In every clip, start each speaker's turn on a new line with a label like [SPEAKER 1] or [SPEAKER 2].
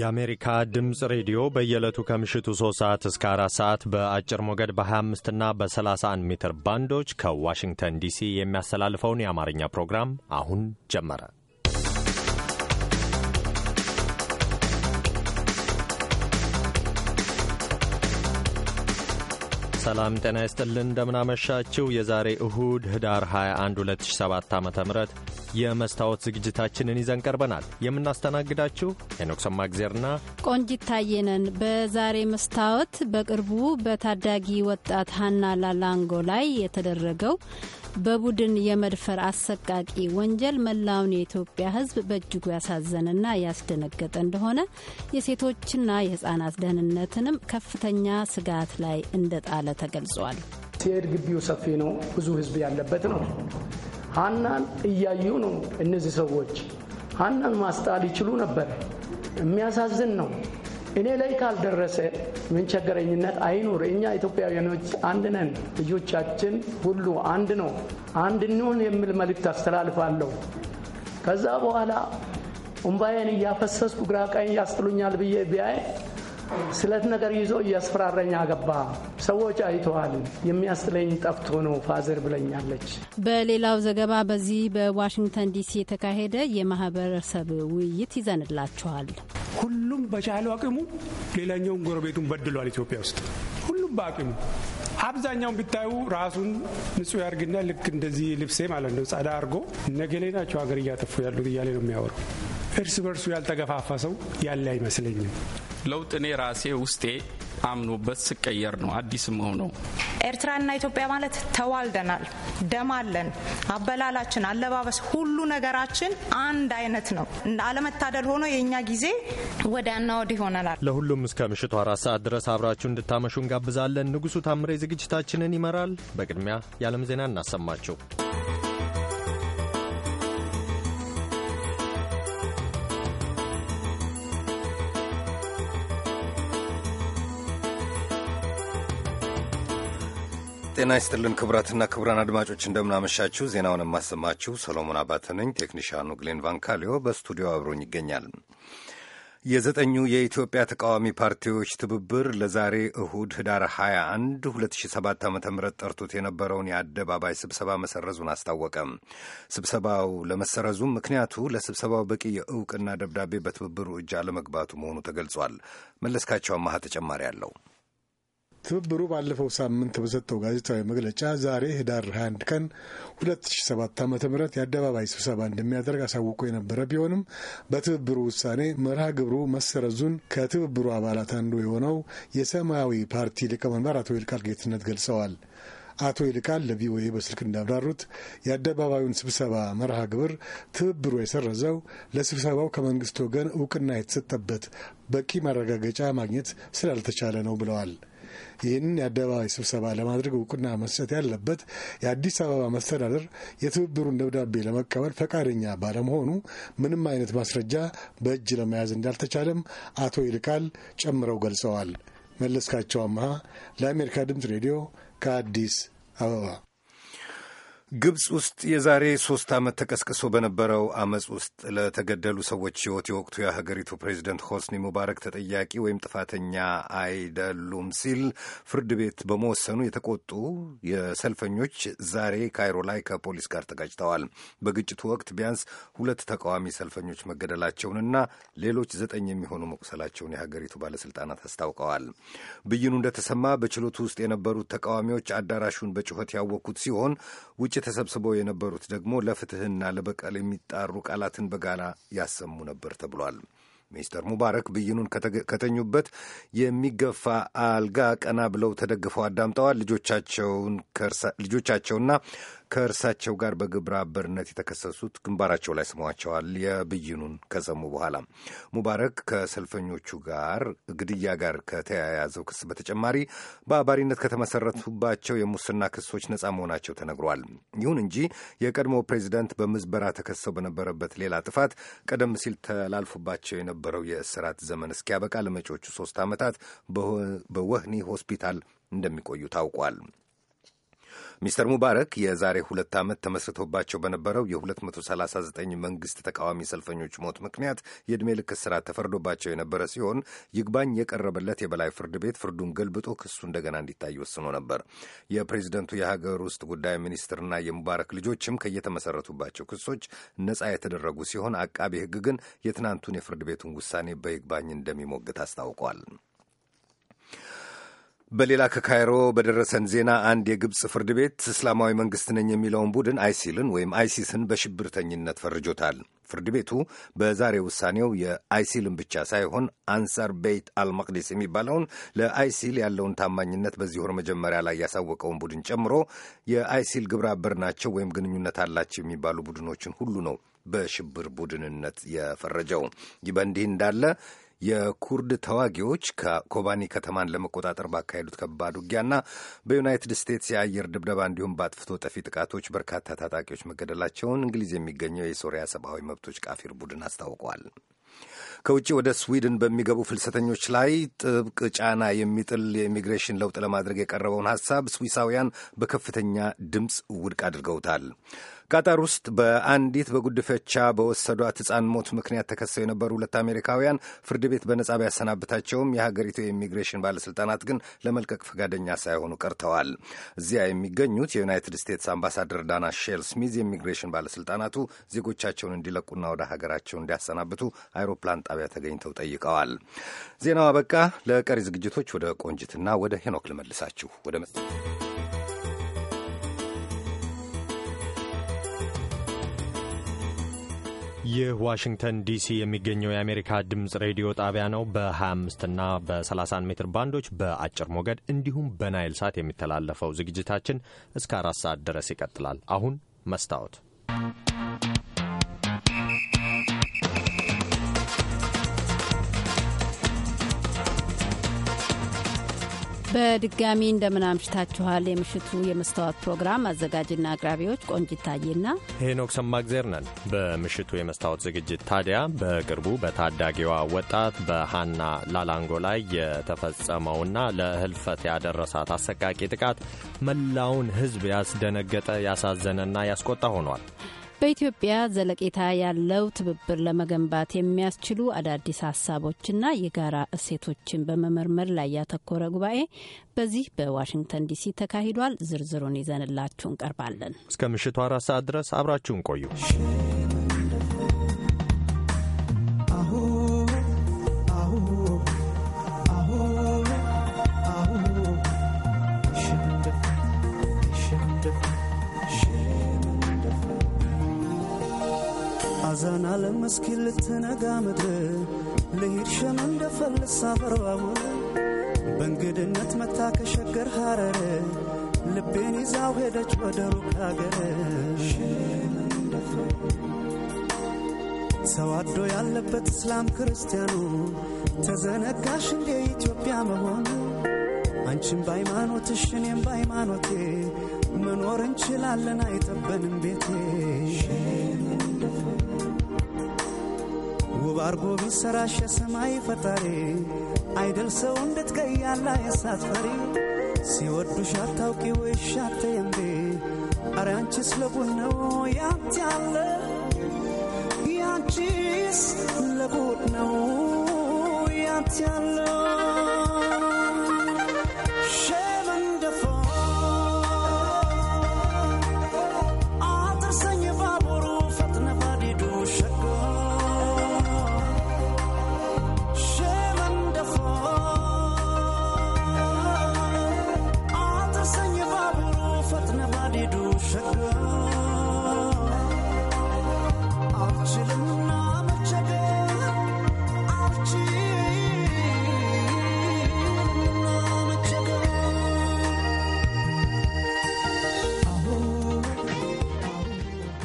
[SPEAKER 1] የአሜሪካ ድምፅ ሬዲዮ በየዕለቱ ከምሽቱ 3 ሰዓት እስከ 4 ሰዓት በአጭር ሞገድ በ25 እና በ31 ሜትር ባንዶች ከዋሽንግተን ዲሲ የሚያስተላልፈውን የአማርኛ ፕሮግራም አሁን ጀመረ። ሰላም ጤና ይስጥልን እንደምናመሻችው የዛሬ እሁድ ህዳር 21 2007 ዓ ም የመስታወት ዝግጅታችንን ይዘን ቀርበናል። የምናስተናግዳችሁ ሄኖክ ሰማግዜርና
[SPEAKER 2] ቆንጂት ታየነን። በዛሬ መስታወት በቅርቡ በታዳጊ ወጣት ሀና ላላንጎ ላይ የተደረገው በቡድን የመድፈር አሰቃቂ ወንጀል መላውን የኢትዮጵያ ሕዝብ በእጅጉ ያሳዘነና ያስደነገጠ እንደሆነ የሴቶችና የሕጻናት ደህንነትንም ከፍተኛ ስጋት ላይ እንደጣለ ተገልጿል።
[SPEAKER 3] ሲሄድ ግቢው ሰፊ ነው፣ ብዙ ሕዝብ ያለበት ነው። ሀናን እያዩ ነው እነዚህ ሰዎች። ሀናን ማስጣል ይችሉ ነበር። የሚያሳዝን ነው። እኔ ላይ ካልደረሰ ምን ቸገረኝነት አይኑር። እኛ ኢትዮጵያውያኖች አንድ ነን፣ ልጆቻችን ሁሉ አንድ ነው፣ አንድ እንሁን የሚል መልእክት አስተላልፋለሁ። ከዛ በኋላ እምባዬን እያፈሰስኩ ግራ ቀኝ ያስጥሉኛል ብዬ ቢያይ ስለት ነገር ይዞ እያስፈራረኝ አገባ። ሰዎች አይተዋል። የሚያስጥለኝ ጠፍቶ ነው ፋዘር ብለኛለች።
[SPEAKER 2] በሌላው ዘገባ በዚህ በዋሽንግተን ዲሲ የተካሄደ የማህበረሰብ ውይይት ይዘንላችኋል።
[SPEAKER 4] ሁሉም በቻለው አቅሙ ሌላኛውን ጎረቤቱን በድሏል። ኢትዮጵያ ውስጥ ሁሉም በአቅሙ አብዛኛውን ቢታዩ ራሱን ንጹህ ያርግና ልክ እንደዚህ ልብሴ ማለት ነው ጸዳ አርጎ ነገሌ ናቸው ሀገር
[SPEAKER 5] እያጠፉ ያሉት እያሌ
[SPEAKER 4] ነው የሚያወሩ እርስ በርሱ ያልተገፋፋ ሰው ያለ አይመስለኝም።
[SPEAKER 6] ለውጥ እኔ ራሴ ውስጤ አምኖበት ስቀየር ነው አዲስ ሆነው።
[SPEAKER 5] ኤርትራና ኢትዮጵያ ማለት ተዋልደናል፣ ደም አለን፣ አበላላችን፣ አለባበስ፣ ሁሉ ነገራችን አንድ አይነት ነው። አለመታደል ሆኖ የእኛ ጊዜ ወዲያና ወዲህ ሆነናል።
[SPEAKER 1] ለሁሉም እስከ ምሽቱ አራት ሰዓት ድረስ አብራችሁ እንድታመሹ እንጋብዛለን። ንጉሱ ታምሬ ዝግጅታችንን ይመራል። በቅድሚያ የዓለም ዜና እናሰማችሁ።
[SPEAKER 7] ጤና ይስጥልን ክቡራትና ክቡራን አድማጮች እንደምናመሻችሁ። ዜናውን የማሰማችሁ ሰሎሞን አባተ ነኝ። ቴክኒሻኑ ግሌን ቫንካሊዮ በስቱዲዮ አብሮኝ ይገኛል። የዘጠኙ የኢትዮጵያ ተቃዋሚ ፓርቲዎች ትብብር ለዛሬ እሁድ ህዳር 21 2007 ዓ ም ጠርቶት የነበረውን የአደባባይ ስብሰባ መሰረዙን አስታወቀ። ስብሰባው ለመሰረዙም ምክንያቱ ለስብሰባው በቂ የእውቅና ደብዳቤ በትብብሩ እጅ አለመግባቱ መሆኑ ተገልጿል። መለስካቸው አማሃ ተጨማሪ አለው።
[SPEAKER 8] ትብብሩ ባለፈው ሳምንት በሰጠው ጋዜጣዊ መግለጫ ዛሬ ህዳር 21 ቀን 2007 ዓ ም የአደባባይ ስብሰባ እንደሚያደርግ አሳውቆ የነበረ ቢሆንም በትብብሩ ውሳኔ መርሃ ግብሩ መሰረዙን ከትብብሩ አባላት አንዱ የሆነው የሰማያዊ ፓርቲ ሊቀመንበር አቶ ይልቃል ጌትነት ገልጸዋል። አቶ ይልቃል ለቪኦኤ በስልክ እንዳብራሩት የአደባባዩን ስብሰባ መርሃ ግብር ትብብሩ የሰረዘው ለስብሰባው ከመንግስት ወገን እውቅና የተሰጠበት በቂ ማረጋገጫ ማግኘት ስላልተቻለ ነው ብለዋል። ይህንን የአደባባይ ስብሰባ ለማድረግ እውቅና መስጠት ያለበት የአዲስ አበባ መስተዳደር የትብብሩን ደብዳቤ ለመቀበል ፈቃደኛ ባለመሆኑ ምንም አይነት ማስረጃ በእጅ ለመያዝ እንዳልተቻለም አቶ ይልቃል ጨምረው ገልጸዋል። መለስካቸው አመሃ ለአሜሪካ ድምፅ ሬዲዮ ከአዲስ
[SPEAKER 7] አበባ ግብፅ ውስጥ የዛሬ ሶስት ዓመት ተቀስቅሶ በነበረው አመፅ ውስጥ ለተገደሉ ሰዎች ሕይወት የወቅቱ የሀገሪቱ ፕሬዚደንት ሆስኒ ሙባረክ ተጠያቂ ወይም ጥፋተኛ አይደሉም ሲል ፍርድ ቤት በመወሰኑ የተቆጡ የሰልፈኞች ዛሬ ካይሮ ላይ ከፖሊስ ጋር ተጋጭተዋል። በግጭቱ ወቅት ቢያንስ ሁለት ተቃዋሚ ሰልፈኞች መገደላቸውንና ሌሎች ዘጠኝ የሚሆኑ መቁሰላቸውን የሀገሪቱ ባለስልጣናት አስታውቀዋል። ብይኑ እንደተሰማ በችሎቱ ውስጥ የነበሩት ተቃዋሚዎች አዳራሹን በጩኸት ያወኩት ሲሆን ውጭ ተሰብስበው የነበሩት ደግሞ ለፍትህና ለበቀል የሚጣሩ ቃላትን በጋራ ያሰሙ ነበር ተብሏል። ሚስተር ሙባረክ ብይኑን ከተኙበት የሚገፋ አልጋ ቀና ብለው ተደግፈው አዳምጠዋል። ልጆቻቸውና ከእርሳቸው ጋር በግብረ አበርነት የተከሰሱት ግንባራቸው ላይ ስመዋቸዋል የብይኑን ከሰሙ በኋላ ሙባረክ ከሰልፈኞቹ ጋር ግድያ ጋር ከተያያዘው ክስ በተጨማሪ በአባሪነት ከተመሰረቱባቸው የሙስና ክሶች ነጻ መሆናቸው ተነግሯል። ይሁን እንጂ የቀድሞ ፕሬዚደንት በምዝበራ ተከሰው በነበረበት ሌላ ጥፋት ቀደም ሲል ተላልፎባቸው የነበረው የእስራት ዘመን እስኪያበቃ ለመጪዎቹ ሶስት ዓመታት በወህኒ ሆስፒታል እንደሚቆዩ ታውቋል። ሚስተር ሙባረክ የዛሬ ሁለት ዓመት ተመስርቶባቸው በነበረው የ239 መንግሥት ተቃዋሚ ሰልፈኞች ሞት ምክንያት የዕድሜ ልክ እስራት ተፈርዶባቸው የነበረ ሲሆን ይግባኝ የቀረበለት የበላይ ፍርድ ቤት ፍርዱን ገልብጦ ክሱ እንደገና እንዲታይ ወስኖ ነበር። የፕሬዚደንቱ የሀገር ውስጥ ጉዳይ ሚኒስትርና የሙባረክ ልጆችም ከየተመሰረቱባቸው ክሶች ነጻ የተደረጉ ሲሆን አቃቤ ሕግ ግን የትናንቱን የፍርድ ቤቱን ውሳኔ በይግባኝ እንደሚሞግት አስታውቋል። በሌላ ከካይሮ በደረሰን ዜና አንድ የግብፅ ፍርድ ቤት እስላማዊ መንግስት ነኝ የሚለውን ቡድን አይሲልን ወይም አይሲስን በሽብርተኝነት ፈርጆታል። ፍርድ ቤቱ በዛሬ ውሳኔው የአይሲልን ብቻ ሳይሆን አንሳር ቤይት አልመቅዲስ የሚባለውን ለአይሲል ያለውን ታማኝነት በዚህ ወር መጀመሪያ ላይ ያሳወቀውን ቡድን ጨምሮ የአይሲል ግብረ አበር ናቸው ወይም ግንኙነት አላቸው የሚባሉ ቡድኖችን ሁሉ ነው በሽብር ቡድንነት የፈረጀው። ይህ በእንዲህ እንዳለ የኩርድ ተዋጊዎች ከኮባኒ ከተማን ለመቆጣጠር ባካሄዱት ከባድ ውጊያና በዩናይትድ ስቴትስ የአየር ድብደባ እንዲሁም በአጥፍቶ ጠፊ ጥቃቶች በርካታ ታጣቂዎች መገደላቸውን እንግሊዝ የሚገኘው የሶሪያ ሰብአዊ መብቶች ቃፊር ቡድን አስታውቋል። ከውጭ ወደ ስዊድን በሚገቡ ፍልሰተኞች ላይ ጥብቅ ጫና የሚጥል የኢሚግሬሽን ለውጥ ለማድረግ የቀረበውን ሀሳብ ስዊሳውያን በከፍተኛ ድምፅ ውድቅ አድርገውታል። ቀጠር ውስጥ በአንዲት በጉድፈቻ በወሰዷት ህፃን ሞት ምክንያት ተከሰው የነበሩ ሁለት አሜሪካውያን ፍርድ ቤት በነጻ ቢያሰናብታቸውም የሀገሪቱ የኢሚግሬሽን ባለስልጣናት ግን ለመልቀቅ ፈቃደኛ ሳይሆኑ ቀርተዋል። እዚያ የሚገኙት የዩናይትድ ስቴትስ አምባሳደር ዳና ሼል ስሚዝ የኢሚግሬሽን ባለስልጣናቱ ዜጎቻቸውን እንዲለቁና ወደ ሀገራቸው እንዲያሰናብቱ አይሮፕላን ጣቢያ ተገኝተው ጠይቀዋል። ዜናው አበቃ። ለቀሪ ዝግጅቶች ወደ ቆንጅትና ወደ ሄኖክ ልመልሳችሁ ወደ
[SPEAKER 1] ይህ ዋሽንግተን ዲሲ የሚገኘው የአሜሪካ ድምፅ ሬዲዮ ጣቢያ ነው። በ25 እና በ31 ሜትር ባንዶች በአጭር ሞገድ እንዲሁም በናይል ሳት የሚተላለፈው ዝግጅታችን እስከ አራት ሰዓት ድረስ ይቀጥላል። አሁን መስታወት
[SPEAKER 2] በድጋሚ እንደምናምሽታችኋል። የምሽቱ የመስተዋት ፕሮግራም አዘጋጅና አቅራቢዎች ቆንጂት ታዬና
[SPEAKER 1] ሄኖክ ሰማግዜር ነን። በምሽቱ የመስታወት ዝግጅት ታዲያ በቅርቡ በታዳጊዋ ወጣት በሃና ላላንጎ ላይ የተፈጸመውና ለህልፈት ያደረሳት አሰቃቂ ጥቃት መላውን ህዝብ ያስደነገጠ ያሳዘነና ያስቆጣ ሆኗል።
[SPEAKER 2] በኢትዮጵያ ዘለቄታ ያለው ትብብር ለመገንባት የሚያስችሉ አዳዲስ ሀሳቦችና የጋራ እሴቶችን በመመርመር ላይ ያተኮረ ጉባኤ በዚህ በዋሽንግተን ዲሲ ተካሂዷል። ዝርዝሩን ይዘንላችሁ እንቀርባለን።
[SPEAKER 1] እስከ ምሽቱ አራት ሰዓት ድረስ አብራችሁን ቆዩ።
[SPEAKER 9] ሐዘን ዓለም እስኪ ልትነጋ ምድር ልሂድ ሸም እንደፈልሳ በርባቡር በእንግድነት መታ ከሸገር ሀረረ ልቤን ይዛው ሄደች ወደ ሩቅ አገር። ሰዋዶ ያለበት እስላም ክርስቲያኑ ተዘነጋሽ እንዴ ኢትዮጵያ መሆኑ አንቺም በሃይማኖትሽ እኔም በሃይማኖቴ መኖር እንችላለን አይጠበንም ቤቴ ውብ አርጎ ቢሰራሽ ሰማይ ፈጣሪ አይደል ሰው እንዴት ከያላ የሳት ፈሪ ሲወዱሽ አታውቂ ወይሽ አተየንቤ አረ አንቺስ ለቁን ነው ያንቺ አለ ያንቺስ ለቁን ነው ያንቺ አለ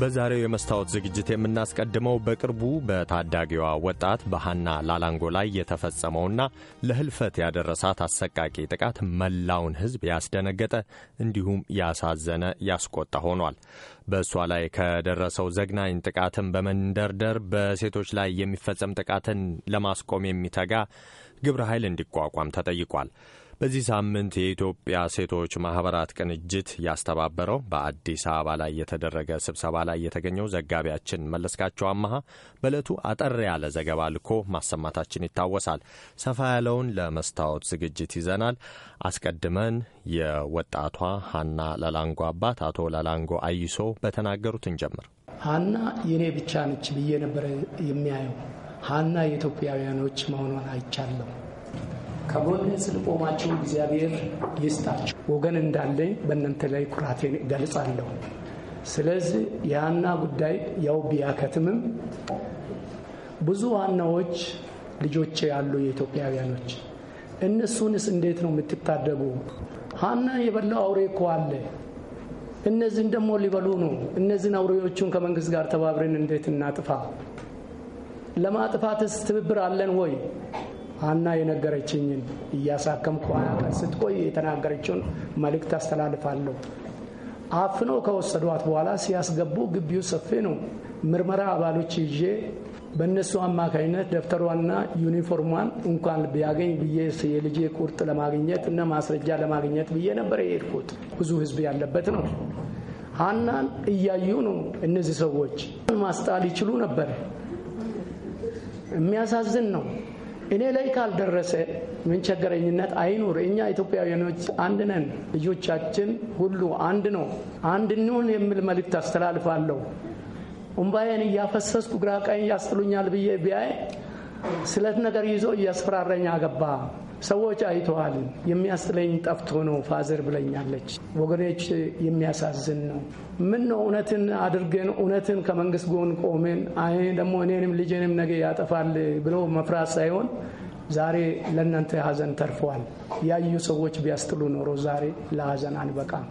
[SPEAKER 1] በዛሬው የመስታወት ዝግጅት የምናስቀድመው በቅርቡ በታዳጊዋ ወጣት በሃና ላላንጎ ላይ የተፈጸመውና ለህልፈት ያደረሳት አሰቃቂ ጥቃት መላውን ሕዝብ ያስደነገጠ እንዲሁም ያሳዘነ ያስቆጣ ሆኗል። በእሷ ላይ ከደረሰው ዘግናኝ ጥቃትን በመንደርደር በሴቶች ላይ የሚፈጸም ጥቃትን ለማስቆም የሚተጋ ግብረ ኃይል እንዲቋቋም ተጠይቋል። በዚህ ሳምንት የኢትዮጵያ ሴቶች ማህበራት ቅንጅት ያስተባበረው በአዲስ አበባ ላይ የተደረገ ስብሰባ ላይ የተገኘው ዘጋቢያችን መለስካቸው አመሃ በእለቱ አጠር ያለ ዘገባ ልኮ ማሰማታችን ይታወሳል። ሰፋ ያለውን ለመስታወት ዝግጅት ይዘናል። አስቀድመን የወጣቷ ሀና ለላንጎ አባት አቶ ለላንጎ አይሶ በተናገሩት እንጀምር።
[SPEAKER 3] ሀና የኔ ብቻ ነች ብዬ ነበረ የሚያየው ሀና የኢትዮጵያውያኖች መሆኗን አይቻለሁ። ከጎን ስለቆማቸው እግዚአብሔር ይስጣቸው። ወገን እንዳለኝ በእናንተ ላይ ኩራቴን እገልጻለሁ። ስለዚህ የሀና ጉዳይ ያው ቢያከትምም ብዙ ዋናዎች ልጆች ያሉ የኢትዮጵያውያኖች እነሱንስ እንዴት ነው የምትታደጉ? ሀና የበላው አውሬ እኮ አለ። እነዚህን ደግሞ ሊበሉ ነው። እነዚህን አውሬዎቹን ከመንግስት ጋር ተባብረን እንዴት እናጥፋ? ለማጥፋትስ ትብብር አለን ወይ? ሀና የነገረችኝን እያሳከምኩ ሀያ ቀን ስትቆይ የተናገረችውን መልእክት አስተላልፋለሁ። አፍኖ ከወሰዷት በኋላ ሲያስገቡ ግቢው ሰፊ ነው። ምርመራ አባሎች ይዤ በእነሱ አማካኝነት ደብተሯና ዩኒፎርሟን እንኳን ቢያገኝ ብዬ የልጄ ቁርጥ ለማግኘት እና ማስረጃ ለማግኘት ብዬ ነበር የሄድኩት። ብዙ ሕዝብ ያለበት ነው። ሀናን እያዩ ነው እነዚህ ሰዎች ማስጣል ይችሉ ነበር። የሚያሳዝን ነው። እኔ ላይ ካልደረሰ ምን ቸገረኝነት አይኑር። እኛ ኢትዮጵያውያኖች አንድ ነን፣ ልጆቻችን ሁሉ አንድ ነው፣ አንድ እንሁን የሚል መልእክት አስተላልፋለሁ። እምባዬን እያፈሰስኩ ግራ ቀኝ ያስጥሉኛል ብዬ ቢያይ ስለት ነገር ይዞ እያስፈራረኝ አገባ ሰዎች አይተዋል። የሚያስጥለኝ ጠፍቶ ነው ፋዘር ብለኛለች። ወገኖች የሚያሳዝን ነው። ምን ነው እውነትን አድርገን እውነትን ከመንግስት ጎን ቆመን አይ ደግሞ እኔንም ልጄንም ነገ ያጠፋል ብሎ መፍራት ሳይሆን ዛሬ ለእናንተ ሀዘን ተርፏል። ያዩ ሰዎች ቢያስጥሉ ኖሮ ዛሬ ለሀዘን አንበቃም።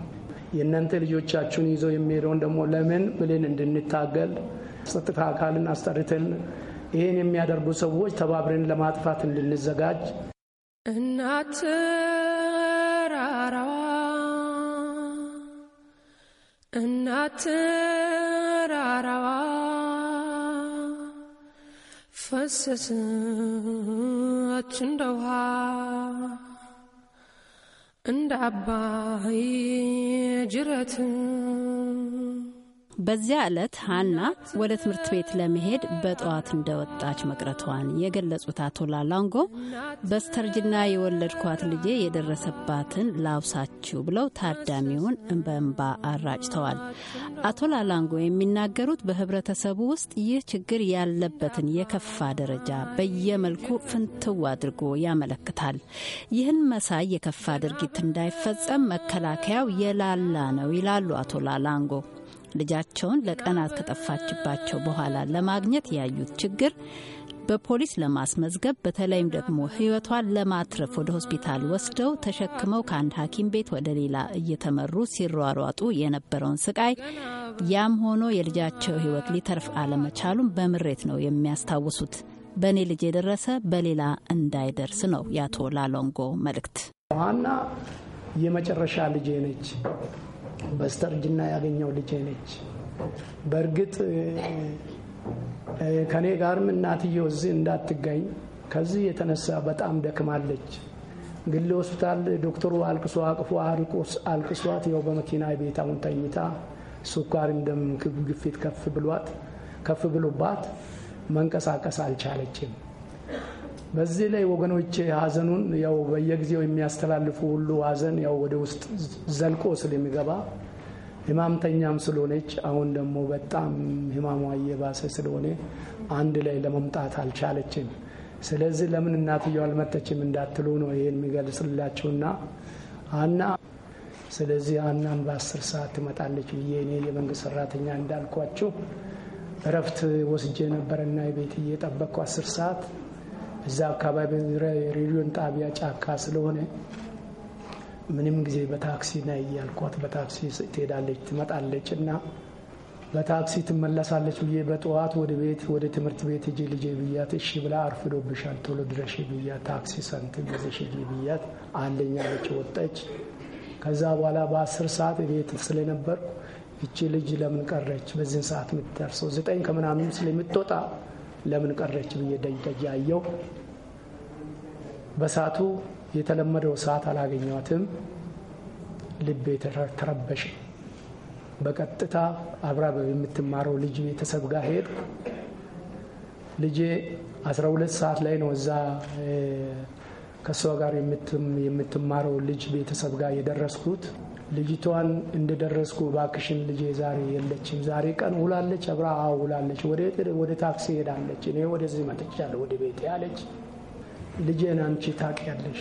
[SPEAKER 3] የእናንተ ልጆቻችሁን ይዘው የሚሄደውን ደግሞ ለምን ብለን እንድንታገል ጸጥታ አካልን አስጠርተን ይህን የሚያደርጉ ሰዎች ተባብረን ለማጥፋት እንድንዘጋጅ
[SPEAKER 9] እናት ተራራዋ እናት ተራራዋ ፈሰሰች እንደ ውሃ
[SPEAKER 2] እንደ አባይ ጅረት በዚያ ዕለት ሀና ወደ ትምህርት ቤት ለመሄድ በጠዋት እንደወጣች መቅረቷን የገለጹት አቶ ላላንጎ በስተርጅና የወለድኳት ልጄ የደረሰባትን ላውሳችሁ ብለው ታዳሚውን በእንባ አራጭተዋል። አቶ ላላንጎ የሚናገሩት በህብረተሰቡ ውስጥ ይህ ችግር ያለበትን የከፋ ደረጃ በየመልኩ ፍንትው አድርጎ ያመለክታል። ይህን መሳይ የከፋ ድርጊት እንዳይፈጸም መከላከያው የላላ ነው ይላሉ አቶ ላላንጎ። ልጃቸውን ለቀናት ከጠፋችባቸው በኋላ ለማግኘት ያዩት ችግር በፖሊስ ለማስመዝገብ በተለይም ደግሞ ሕይወቷን ለማትረፍ ወደ ሆስፒታል ወስደው ተሸክመው ከአንድ ሐኪም ቤት ወደ ሌላ እየተመሩ ሲሯሯጡ የነበረውን ስቃይ ያም ሆኖ የልጃቸው ሕይወት ሊተርፍ አለመቻሉም በምሬት ነው የሚያስታውሱት። በእኔ ልጅ የደረሰ በሌላ እንዳይደርስ ነው የአቶ ላሎንጎ መልእክት። ዋና
[SPEAKER 3] የመጨረሻ ልጄ ነች። በስተርጅና ያገኘው ልጄ ነች። በእርግጥ ከእኔ ጋርም እናትየው እዚህ እንዳትገኝ ከዚህ የተነሳ በጣም ደክማለች። ግል ሆስፒታል ዶክተሩ አልቅሶ አቅፎ አልቅሷት ይኸው በመኪና ቤት አሁን ተኝታ ሱኳር እንደም ግፊት ከፍ ብሏት ከፍ ብሎባት መንቀሳቀስ አልቻለችም። በዚህ ላይ ወገኖች ሀዘኑን ያው በየጊዜው የሚያስተላልፉ ሁሉ ሀዘን ያው ወደ ውስጥ ዘልቆ ስለሚገባ ህማምተኛም ስለሆነች አሁን ደግሞ በጣም ህማሟ እየባሰ ስለሆነ አንድ ላይ ለመምጣት አልቻለችም። ስለዚህ ለምን እናትየው አልመጠችም እንዳትሉ ነው ይህን የሚገልጽላችሁና አና ስለዚህ አናን በአስር ሰዓት ትመጣለች ብዬ እኔ የመንግስት ሰራተኛ እንዳልኳችሁ እረፍት ወስጄ ነበረና ቤት እየጠበቅኩ አስር ሰዓት እዛ አካባቢ ሬዲዮን ጣቢያ ጫካ ስለሆነ ምንም ጊዜ በታክሲ ነይ እያልኳት በታክሲ ትሄዳለች ትመጣለች እና በታክሲ ትመለሳለች ብዬ በጠዋት ወደ ቤት ወደ ትምህርት ቤት እጅ ልጄ ብያት እሺ ብላ አርፍዶብሻል ቶሎ ድረሽ ብያት ታክሲ ሰንት ይዘሽ ሂጂ ብያት አንደኛ ለች ወጠች ከዛ በኋላ በአስር ሰዓት ቤት ስለነበርኩ እቺ ልጅ ለምን ቀረች በዚህን ሰዓት የምትደርሰው ዘጠኝ ከምናምን ስለምትወጣ ለምን ቀረች ብዬ ደጅ አየሁ። በሰዓቱ የተለመደው ሰዓት አላገኘኋትም። ልቤ ተረበሸ። በቀጥታ አብራ የምትማረው ልጅ ቤተሰብ ጋር ሄድኩ። ልጄ 12 ሰዓት ላይ ነው እዛ ከእሷ ጋር የምትማረው ልጅ ቤተሰብ ጋር የደረስኩት። ልጅቷን እንደደረስኩ ባክሽን ልጄ ዛሬ የለችም፣ ዛሬ ቀን ውላለች፣ አብራ ውላለች፣ ወደ ታክሲ ሄዳለች፣ እኔ ወደዚህ መጥቻለሁ ወደ ቤት ያለች ልጄን አንቺ ታውቂያለሽ፣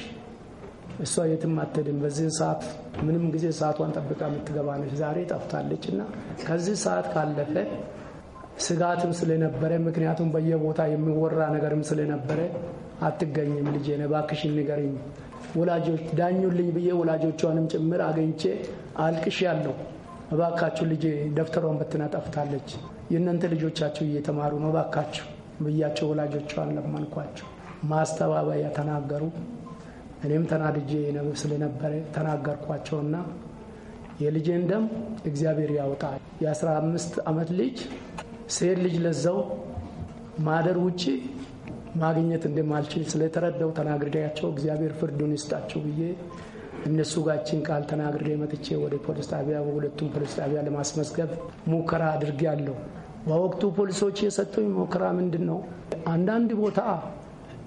[SPEAKER 3] እሷ የትም አትሄድም፣ በዚህን ሰዓት ምንም ጊዜ ሰዓቷን ጠብቃ የምትገባ ነች፣ ዛሬ ጠፍታለች እና ከዚህ ሰዓት ካለፈ ስጋትም ስለነበረ ምክንያቱም በየቦታ የሚወራ ነገርም ስለነበረ አትገኝም ልጄ፣ እባክሽን ንገርኝ ወላጆች ዳኙልኝ ብዬ ወላጆቿንም ጭምር አገኝቼ ያለው እባካችሁ ልጄ ደብተሯን በትና ጠፍታለች፣ የእናንተ ልጆቻችሁ እየተማሩ ነው እባካችሁ ብያቸው ወላጆቿን ለመንኳቸው። ማስተባበያ ተናገሩ። እኔም ተናድጄ ስለነበረ ተናገርኳቸውና የልጄን ደም እግዚአብሔር ያወጣል። የአስራ አምስት ዓመት ልጅ ሴት ልጅ ለዛው ማደር ውጪ ማግኘት እንደማልችል ስለተረዳው ተናግሬያቸው እግዚአብሔር ፍርዱን ይስጣቸው ብዬ እነሱ ጋችን ቃል ተናግሬ መጥቼ ወደ ፖሊስ ጣቢያ ሁለቱም ፖሊስ ጣቢያ ለማስመዝገብ ሙከራ አድርጌያለሁ። በወቅቱ ፖሊሶች የሰጡኝ ሙከራ ምንድን ነው? አንዳንድ ቦታ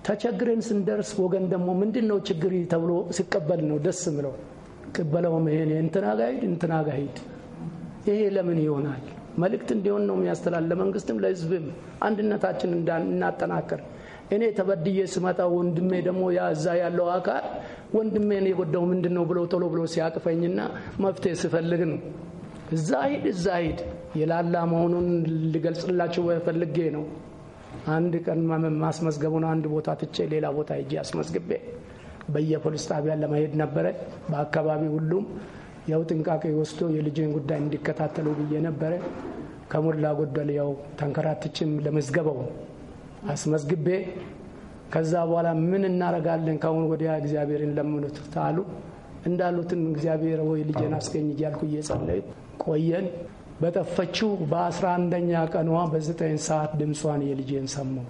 [SPEAKER 3] ተቸግረን ስንደርስ ወገን ደግሞ ምንድን ነው ችግር ተብሎ ሲቀበል ነው ደስ ምለው ቅበለው መሄን እንትና ጋ ሂድ እንትና ጋ ሂድ ይሄ ለምን ይሆናል? መልእክት እንዲሆን ነው የሚያስተላል ለመንግስትም ለህዝብም አንድነታችን እናጠናከር እኔ ተበድዬ ስመጣ ወንድሜ ደግሞ እዛ ያለው አካል ወንድሜን የጎዳው ምንድን ነው ብሎ ቶሎ ብሎ ሲያቅፈኝና መፍትሄ ስፈልግ ነው። እዛ ሂድ እዛ ሂድ የላላ መሆኑን ልገልጽላቸው ፈልጌ ነው። አንድ ቀን ማስመዝገቡን አንድ ቦታ ትቼ ሌላ ቦታ ሄጄ አስመዝግቤ በየፖሊስ ጣቢያ ለመሄድ ነበረ። በአካባቢ ሁሉም ያው ጥንቃቄ ወስዶ የልጅን ጉዳይ እንዲከታተሉ ብዬ ነበረ። ከሞላ ጎደል ያው ተንከራትችም ለመዝገበው አስመዝግቤ ከዛ በኋላ ምን እናረጋለን ከአሁን ወዲያ እግዚአብሔርን ለምኑት ታሉ እንዳሉትም እግዚአብሔር ወይ ልጄን አስገኝ እያልኩ እየጸለይ ቆየን። በጠፈችው በአስራ አንደኛ ቀኗ በዘጠኝ ሰዓት ድምጿን የልጄን ሰማው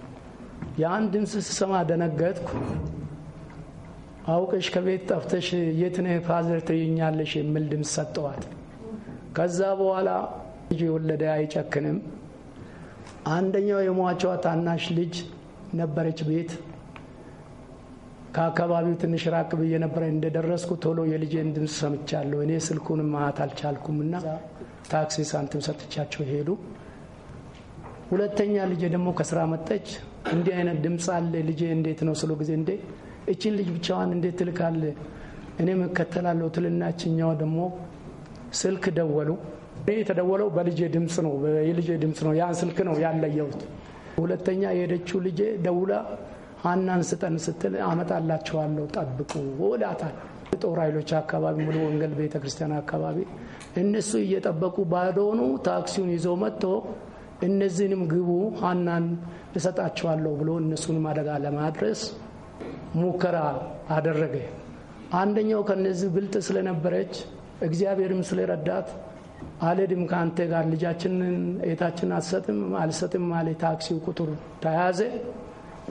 [SPEAKER 3] ያን ድምፅ ስሰማ ደነገጥኩ። አውቀሽ ከቤት ጠፍተሽ የት ነህ ፋዘር ትይኛለሽ የሚል ድምፅ ሰጠዋት። ከዛ በኋላ ልጅ የወለደ አይጨክንም አንደኛው የሟቿ ታናሽ ልጅ ነበረች። ቤት ከአካባቢው ትንሽ ራቅ ብዬ ነበረ። እንደደረስኩ ቶሎ የልጄን ድምፅ ሰምቻለሁ። እኔ ስልኩን ማት አልቻልኩም እና ታክሲ ሳንቲም ሰጥቻቸው ሄዱ። ሁለተኛ ልጄ ደግሞ ከስራ መጠች። እንዲህ አይነት ድምፅ አለ ልጄ እንዴት ነው ስሎ ጊዜ እንዴ እችን ልጅ ብቻዋን እንዴት ትልካለ? እኔ መከተላለሁ ትልናችኛዋ ደግሞ ስልክ ደወሉ። የተደወለው በልጄ ድምፅ ነው፣ የልጄ ድምፅ ነው፣ ያን ስልክ ነው ያለየሁት። ሁለተኛ የሄደችው ልጄ ደውላ ሀናን ስጠን ስትል አመጣላችኋለሁ ጠብቁ ወዳታል። ጦር ኃይሎች አካባቢ ሙሉ ወንገል ቤተ ክርስቲያን አካባቢ እነሱ እየጠበቁ ባዶኑ ታክሲውን ይዞ መጥቶ እነዚህንም ግቡ ሀናን እሰጣችኋለሁ ብሎ እነሱንም አደጋ ለማድረስ ሙከራ አደረገ። አንደኛው ከነዚህ ብልጥ ስለነበረች እግዚአብሔርም ስለረዳት አልሄድም ከአንተ ጋር ልጃችንን የታችን አትሰጥም አልሰጥም አለ። ታክሲው ቁጥር ተያዘ።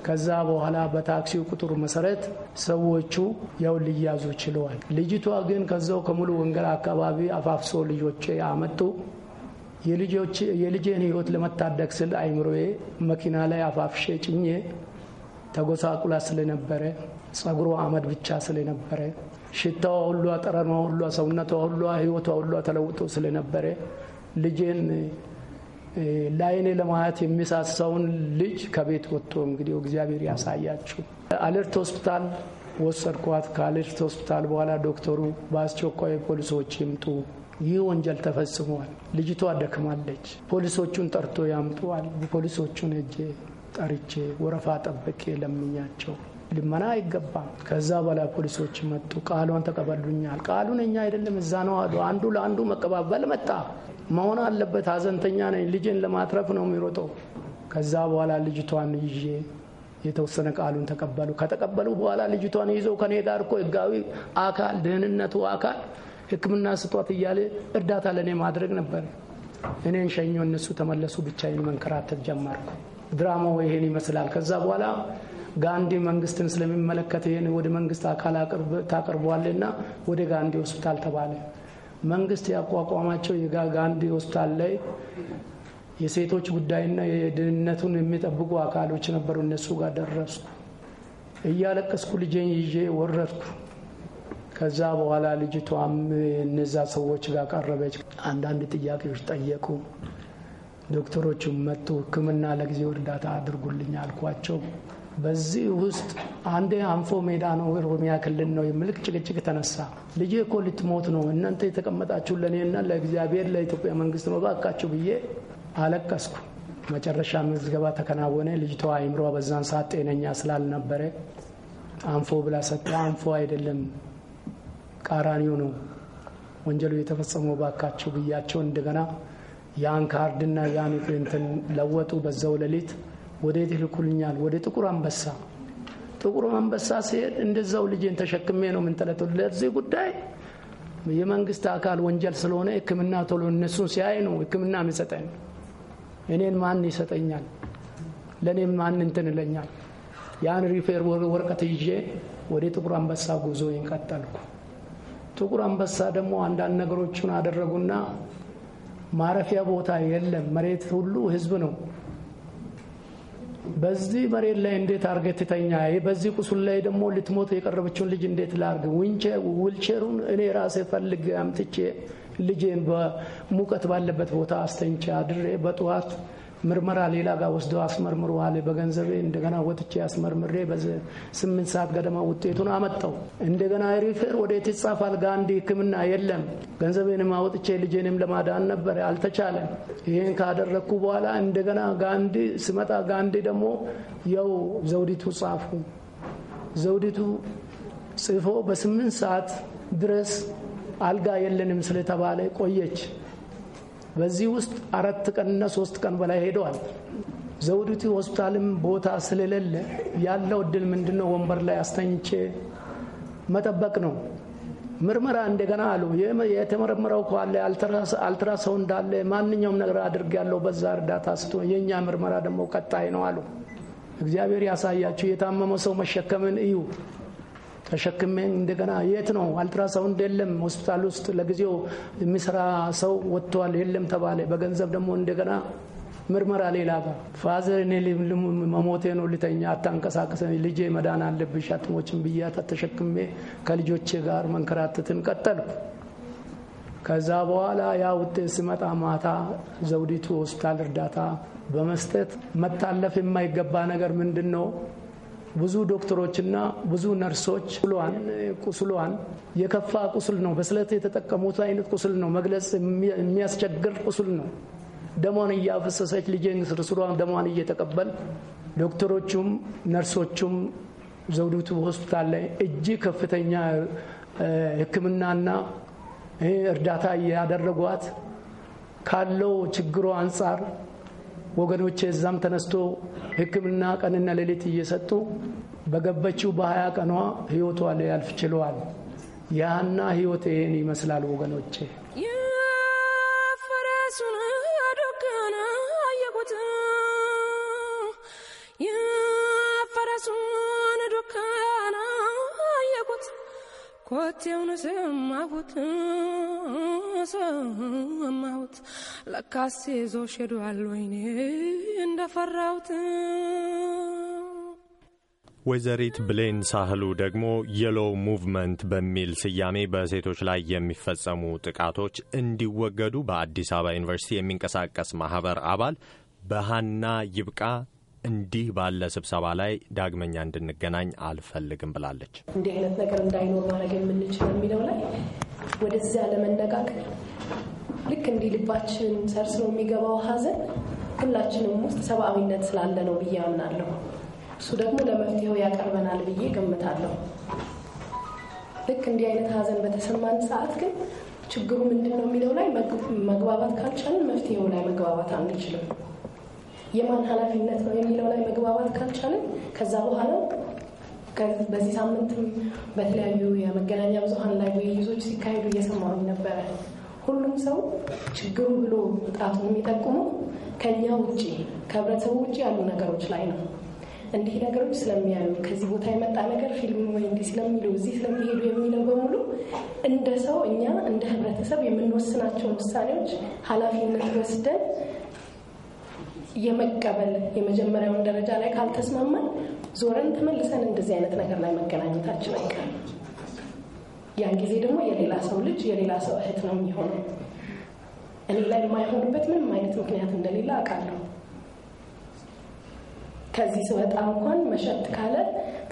[SPEAKER 3] ከዛ በኋላ በታክሲው ቁጥር መሰረት ሰዎቹ ያው ሊያዙ ችለዋል። ልጅቷ ግን ከዛው ከሙሉ ወንገል አካባቢ አፋፍሶ ልጆቼ አመጡ። የልጄን ህይወት ለመታደግ ስል አይምሮዬ መኪና ላይ አፋፍሼ ጭኜ ተጎሳቁላ ስለነበረ ጸጉሮ አመድ ብቻ ስለነበረ ሽታዋ ሁሏ፣ ጠረኗ ሁሏ፣ ሰውነቷ ሁሉ ህይወቷ ሁሏ ተለውጦ ስለነበረ ልጄን ለአይኔ ለማየት የሚሳሳውን ልጅ ከቤት ወጥቶ እንግዲህ እግዚአብሔር ያሳያችሁ። አለርት ሆስፒታል ወሰድኳት። ከአለርት ሆስፒታል በኋላ ዶክተሩ በአስቸኳይ ፖሊሶች ይምጡ፣ ይህ ወንጀል ተፈጽሟል፣ ልጅቷ ደክማለች፣ ፖሊሶቹን ጠርቶ ያምጡዋል። ፖሊሶቹን እጄ ጠርቼ ወረፋ ጠብቄ ለምኛቸው ልመና አይገባም። ከዛ በላይ ፖሊሶች መጡ። ቃሏን ተቀበሉኛል። ቃሉን እኛ አይደለም እዛ ነው አሉ። አንዱ ለአንዱ መቀባበል መጣ መሆን አለበት። ሀዘንተኛ ነኝ፣ ልጅን ለማትረፍ ነው የሚሮጠው። ከዛ በኋላ ልጅቷን ይዤ የተወሰነ ቃሉን ተቀበሉ። ከተቀበሉ በኋላ ልጅቷን ይዘው ከኔ ጋር እኮ ህጋዊ አካል ደህንነቱ አካል ሕክምና ስጧት እያለ እርዳታ ለእኔ ማድረግ ነበር። እኔን ሸኞ እነሱ ተመለሱ። ብቻዬን መንከራተት ጀመርኩ። ድራማው ይሄን ይመስላል። ከዛ በኋላ ጋንዲ መንግስትን ስለሚመለከት ይህን ወደ መንግስት አካል ታቀርቧልና ወደ ጋንዲ ሆስፒታል ተባለ። መንግስት ያቋቋማቸው የጋንዲ ሆስፒታል ላይ የሴቶች ጉዳይና የደህንነቱን የሚጠብቁ አካሎች ነበሩ። እነሱ ጋር ደረስኩ። እያለቀስኩ ልጄን ይዤ ወረድኩ። ከዛ በኋላ ልጅቷም እነዛ ሰዎች ጋር ቀረበች። አንዳንድ ጥያቄዎች ጠየቁ። ዶክተሮቹም መጡ። ሕክምና ለጊዜው እርዳታ አድርጉልኝ አልኳቸው። በዚህ ውስጥ አንዴ አንፎ ሜዳ ነው ኦሮሚያ ክልል ነው የምልክ ጭቅጭቅ ተነሳ። ልጄ እኮ ልትሞት ነው እናንተ የተቀመጣችሁ ለእኔና ለእግዚአብሔር ለኢትዮጵያ መንግስት ነው ባካችሁ ብዬ አለቀስኩ። መጨረሻ ምዝገባ ተከናወነ። ልጅቷ አይምሮ በዛን ሰዓት ጤነኛ ስላልነበረ አንፎ ብላ ሰጠ። አንፎ አይደለም ቃራኒው ነው ወንጀሉ የተፈጸመው ባካችሁ ብያቸው እንደገና ያን ካርድና ያን ለወጡ በዛው ሌሊት የት ይልኩልኛል? ወደ ጥቁር አንበሳ። ጥቁር አንበሳ ሲሄድ እንደዛው ልጄን ተሸክሜ ነው የምንጠለጠው። ለዚህ ጉዳይ የመንግስት አካል ወንጀል ስለሆነ ሕክምና ቶሎ እነሱን ሲያይ ነው ሕክምና የሚሰጠኝ። እኔን ማን ይሰጠኛል? ለእኔም ማን እንትን ይለኛል? ያን ሪፌር ወረቀት ይዤ ወደ ጥቁር አንበሳ ጉዞ ቀጠልኩ። ጥቁር አንበሳ ደግሞ አንዳንድ ነገሮችን አደረጉና ማረፊያ ቦታ የለም፣ መሬት ሁሉ ህዝብ ነው። በዚህ መሬት ላይ እንዴት አድርገህ ትተኛ፣ በዚህ ቁስል ላይ ደግሞ ልትሞት የቀረበችውን ልጅ እንዴት ላርግ፣ ውልቼሩን እኔ ራሴ ፈልግ አምጥቼ ልጄን በሙቀት ባለበት ቦታ አስተኝቼ አድሬ በጠዋት ምርመራ ሌላ ጋር ወስደው አስመርምረዋል። በገንዘቤ እንደገና ወጥቼ አስመርምሬ በስምንት ሰዓት ገደማ ውጤቱን አመጣው። እንደገና ሪፌር ወዴት ይጻፋል? ጋንዲ ሕክምና የለም። ገንዘቤንም አወጥቼ ልጄንም ለማዳን ነበር፣ አልተቻለም። ይህን ካደረግኩ በኋላ እንደገና ጋንዲ ስመጣ ጋንዲ ደግሞ ያው ዘውዲቱ ጻፉ። ዘውዲቱ ጽፎ በስምንት ሰዓት ድረስ አልጋ የለንም ስለተባለ ቆየች። በዚህ ውስጥ አራት ቀንና ሶስት ቀን በላይ ሄደዋል። ዘውዲቱ ሆስፒታልም ቦታ ስለሌለ ያለው እድል ምንድነው ወንበር ላይ አስተኝቼ መጠበቅ ነው። ምርመራ እንደገና አሉ። የተመረመረው ከዋለ አልትራሰው እንዳለ ማንኛውም ነገር አድርግ ያለው በዛ እርዳታ ስቶ የእኛ ምርመራ ደግሞ ቀጣይ ነው አሉ። እግዚአብሔር ያሳያችሁ። የታመመ ሰው መሸከምን እዩ። ተሸክሜ እንደገና የት ነው አልትራሳውንድ የለም ሆስፒታል ውስጥ ለጊዜው የሚሰራ ሰው ወጥቷል የለም ተባለ። በገንዘብ ደግሞ እንደገና ምርመራ ሌላ ጋር ፋዘር እኔ መሞቴ ነው ልተኛ፣ አታንቀሳቀሰ ልጄ መዳን አለብሽ፣ አትሞችን ብያት ተሸክሜ ከልጆቼ ጋር መንከራተትን ቀጠልኩ። ከዛ በኋላ ያ ውጤት ሲመጣ ማታ ዘውዲቱ ሆስፒታል እርዳታ በመስጠት መታለፍ የማይገባ ነገር ምንድን ነው ብዙ ዶክተሮችና ብዙ ነርሶች ቁስሏን የከፋ ቁስል ነው፣ በስለት የተጠቀሙት አይነት ቁስል ነው፣ መግለጽ የሚያስቸግር ቁስል ነው። ደሟን እያፈሰሰች ልጄን ስርስሯን ደሟን እየተቀበል ዶክተሮቹም ነርሶቹም ዘውዲቱ ሆስፒታል ላይ እጅግ ከፍተኛ ሕክምናና እርዳታ እያደረጓት ካለው ችግሩ አንጻር ወገኖች እዛም ተነስቶ ሕክምና ቀንና ሌሊት እየሰጡ በገበችው በሀያ ቀኗ ህይወቷ ሊያልፍ ችሏል። ያና ህይወት ይህን ይመስላል ወገኖቼ።
[SPEAKER 5] ኮቴውን ሰማሁት ሰማሁት ለካስ ይዞ ሸዷል ወይኔ እንደፈራሁት።
[SPEAKER 1] ወይዘሪት ብሌን ሳህሉ ደግሞ የሎ ሙቭመንት በሚል ስያሜ በሴቶች ላይ የሚፈጸሙ ጥቃቶች እንዲወገዱ በአዲስ አበባ ዩኒቨርሲቲ የሚንቀሳቀስ ማህበር አባል በሃና ይብቃ እንዲህ ባለ ስብሰባ ላይ ዳግመኛ እንድንገናኝ አልፈልግም ብላለች።
[SPEAKER 10] እንዲህ አይነት ነገር እንዳይኖር ማድረግ የምንችለው የሚለው ላይ ወደዚያ ለመነጋገር ልክ እንዲህ ልባችን ሰርስሮ የሚገባው ሀዘን ሁላችንም ውስጥ ሰብአዊነት ስላለ ነው ብዬ አምናለሁ። እሱ ደግሞ ለመፍትሄው ያቀርበናል ብዬ ገምታለሁ። ልክ እንዲህ አይነት ሀዘን በተሰማን ሰዓት ግን ችግሩ ምንድን ነው የሚለው ላይ መግባባት ካልቻልን መፍትሄው ላይ መግባባት አንችልም። የማን ኃላፊነት ነው የሚለው ላይ መግባባት ካልቻለን ከዛ በኋላ በዚህ ሳምንትም በተለያዩ የመገናኛ ብዙኃን ላይ ውይይቶች ሲካሄዱ እየሰማሁኝ ነበረ። ሁሉም ሰው ችግሩ ብሎ ጣቱ የሚጠቁመው ከኛ ውጭ ከህብረተሰቡ ውጭ ያሉ ነገሮች ላይ ነው። እንዲህ ነገሮች ስለሚያዩ ከዚህ ቦታ የመጣ ነገር ፊልም ወይ እንዲህ ስለሚሉ እዚህ ስለሚሄዱ የሚለው በሙሉ እንደ ሰው እኛ እንደ ህብረተሰብ የምንወስናቸውን ውሳኔዎች ኃላፊነት ወስደን የመቀበል የመጀመሪያውን ደረጃ ላይ ካልተስማማን ዞረን ተመልሰን እንደዚህ አይነት ነገር ላይ መገናኘታችን አይቀርም። ያን ጊዜ ደግሞ የሌላ ሰው ልጅ የሌላ ሰው እህት ነው የሚሆነው። እኔ ላይ የማይሆንበት ምንም አይነት ምክንያት እንደሌለ አውቃለሁ። ከዚህ ስወጣ እንኳን መሸት ካለ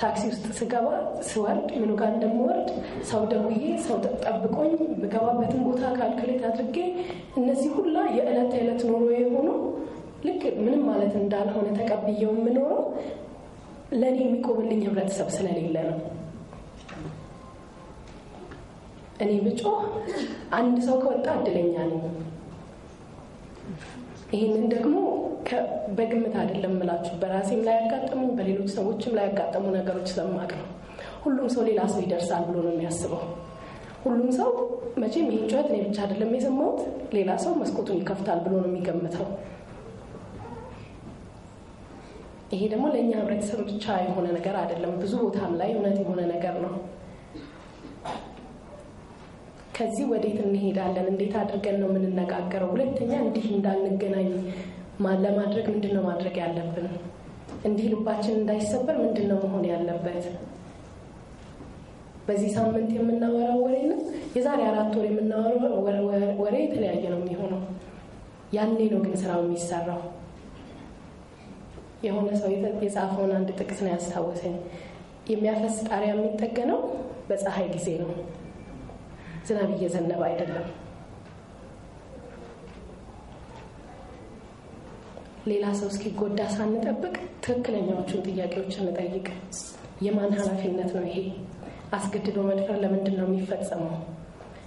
[SPEAKER 10] ታክሲ ውስጥ ስገባ ስወርድ ምኑ ጋር እንደምወርድ ሰው ደውዬ ሰው ጠብቆኝ በገባበትን ቦታ ካልክሌት አድርጌ እነዚህ ሁላ የዕለት ተዕለት ኑሮ የሆኑ ልክ ምንም ማለት እንዳልሆነ ተቀብየው የምኖረው ለእኔ የሚቆምልኝ ህብረተሰብ ስለሌለ ነው። እኔ ብጮህ አንድ ሰው ከወጣ እድለኛ ነኝ። ይህንን ደግሞ በግምት አይደለም ምላችሁ፣ በራሴም ላይ ያጋጠሙ በሌሎች ሰዎችም ላይ ያጋጠሙ ነገሮች ስለማቅ ነው። ሁሉም ሰው ሌላ ሰው ይደርሳል ብሎ ነው የሚያስበው። ሁሉም ሰው መቼም ይህን ጩኸት እኔ ብቻ አይደለም የሰማሁት፣ ሌላ ሰው መስኮቱን ይከፍታል ብሎ ነው የሚገምተው። ይሄ ደግሞ ለእኛ ህብረተሰብ ብቻ የሆነ ነገር አይደለም፣ ብዙ ቦታም ላይ እውነት የሆነ ነገር ነው። ከዚህ ወዴት እንሄዳለን? እንዴት አድርገን ነው የምንነጋገረው? ሁለተኛ እንዲህ እንዳንገናኝ ለማድረግ ምንድን ነው ማድረግ ያለብን? እንዲህ ልባችን እንዳይሰበር ምንድን ነው መሆን ያለበት? በዚህ ሳምንት የምናወራው ወሬ ነው የዛሬ አራት ወር የምናወራው ወሬ የተለያየ ነው የሚሆነው። ያኔ ነው ግን ስራው የሚሰራው። የሆነ ሰው የጻፈውን አንድ ጥቅስ ነው ያስታወሰኝ። የሚያፈስ ጣሪያ የሚጠገነው በፀሐይ ጊዜ ነው፣ ዝናብ እየዘነበ አይደለም። ሌላ ሰው እስኪጎዳ ሳንጠብቅ ትክክለኛዎቹን ጥያቄዎች እንጠይቅ። የማን ኃላፊነት ነው ይሄ? አስገድዶ መድፈር ለምንድን ነው የሚፈጸመው?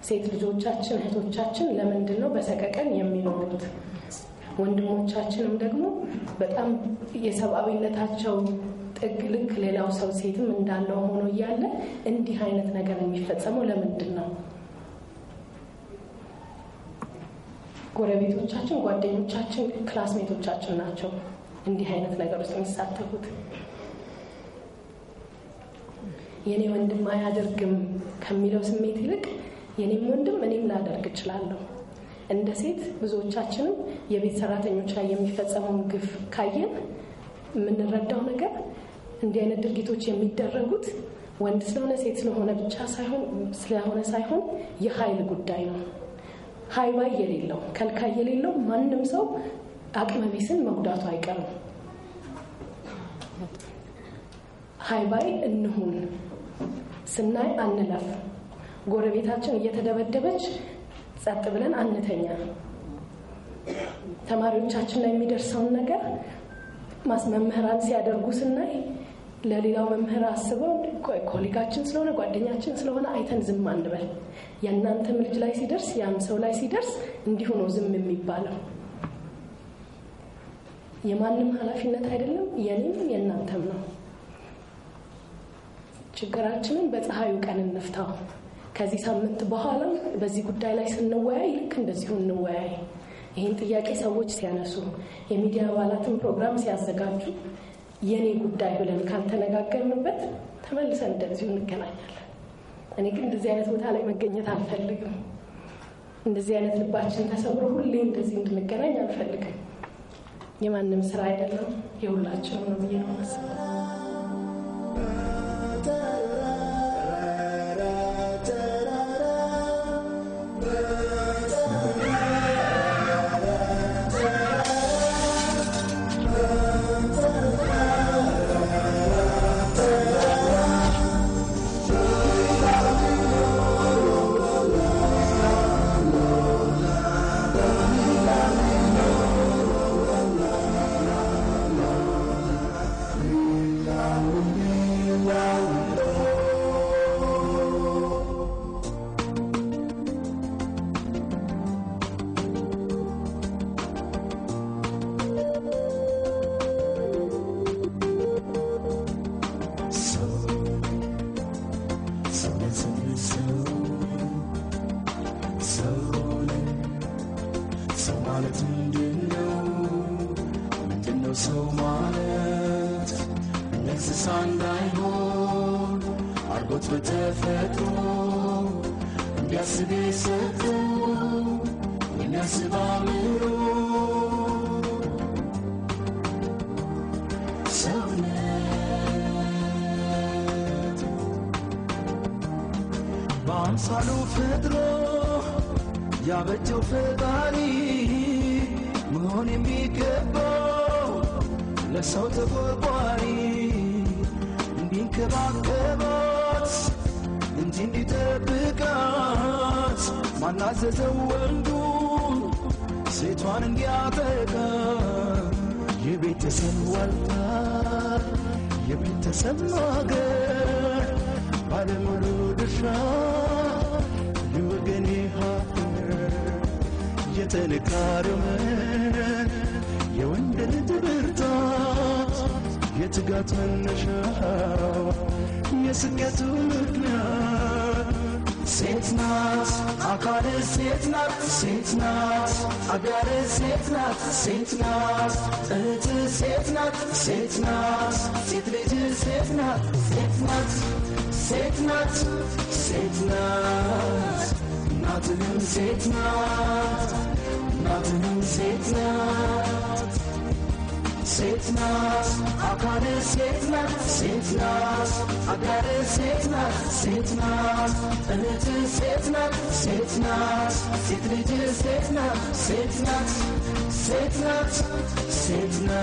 [SPEAKER 10] ሴት ልጆቻችን እህቶቻችን ለምንድን ነው በሰቀቀን የሚኖሩት? ወንድሞቻችንም ደግሞ በጣም የሰብአዊነታቸው ጥግ ልክ ሌላው ሰው ሴትም እንዳለው ሆኖ እያለ እንዲህ አይነት ነገር የሚፈጸመው ለምንድን ነው? ጎረቤቶቻችን፣ ጓደኞቻችን፣ ክላስሜቶቻችን ናቸው እንዲህ አይነት ነገር ውስጥ የሚሳተፉት። የኔ ወንድም አያደርግም ከሚለው ስሜት ይልቅ የኔም ወንድም እኔም ላደርግ እችላለሁ እንደ ሴት ብዙዎቻችንም የቤት ሰራተኞች ላይ የሚፈጸመውን ግፍ ካየን የምንረዳው ነገር እንዲህ አይነት ድርጊቶች የሚደረጉት ወንድ ስለሆነ ሴት ስለሆነ ብቻ ሳይሆን ስለሆነ ሳይሆን የኃይል ጉዳይ ነው። ሀይባይ የሌለው ከልካይ የሌለው ማንም ሰው አቅመቢስን መጉዳቱ አይቀርም። ሀይባይ እንሁን፣ ስናይ አንለፍ። ጎረቤታችን እየተደበደበች ጸጥ ብለን አንተኛ። ተማሪዎቻችን ላይ የሚደርሰውን ነገር መምህራን ሲያደርጉ ስናይ ለሌላው መምህር አስበው ኮሊጋችን ስለሆነ ጓደኛችን ስለሆነ አይተን ዝም አንበል። የእናንተም ልጅ ላይ ሲደርስ ያም ሰው ላይ ሲደርስ እንዲሁ ነው ዝም የሚባለው። የማንም ኃላፊነት አይደለም፣ የኔም የእናንተም ነው። ችግራችንን በፀሐዩ ቀን እንፍታው። ከዚህ ሳምንት በኋላም በዚህ ጉዳይ ላይ ስንወያይ ልክ እንደዚሁ እንወያይ። ይህን ጥያቄ ሰዎች ሲያነሱ፣ የሚዲያ አባላትን ፕሮግራም ሲያዘጋጁ የኔ ጉዳይ ብለን ካልተነጋገርንበት ተመልሰን እንደዚሁ እንገናኛለን። እኔ ግን እንደዚህ አይነት ቦታ ላይ መገኘት አልፈልግም። እንደዚህ አይነት ልባችን ተሰብሮ ሁሌ እንደዚህ እንድንገናኝ አልፈልግም። የማንም ስራ አይደለም፣ የሁላችንም ነው ብዬ ነው
[SPEAKER 9] Jesus on thy hold, our boats were defeated. And yes, it is a doom, and yes, it all is true. So let Bansalu Fedro, Yabetu Fedari, Mohoni Mikebo, Lesota Bolboa. እንዲንከባከባት እንጂ እንዲጠብቃት ማናዘዘው ወንዱ ሴቷን እንዲያጠቃ የቤተሰብ ዋልታ የቤተሰብ ማገር ባለሙሉ ድርሻ የወገኔ ሀገር የወንድ ልጅ የትጋት መነሻ የስኬቱ ምክንያት ሴት ናት፣ አካል ሴት ናት፣ ሴት ናት፣ አጋር ሴት ናት፣ ሴት ናት፣ እህት ሴት ናት፣ ሴት ናት፣ ሴት ልጅ ሴት ናት፣ ሴት ናት፣ ሴት ናት፣ ሴት ናት፣ እናትህም ሴት ናት፣ እናትህም ሴት ናት Sitna, I got it, Sitna, Sitna, I got it, Sitna, Sitna, a little Sitna, Sitna, sit little Sitna, Sitna, Sitna, Sitna,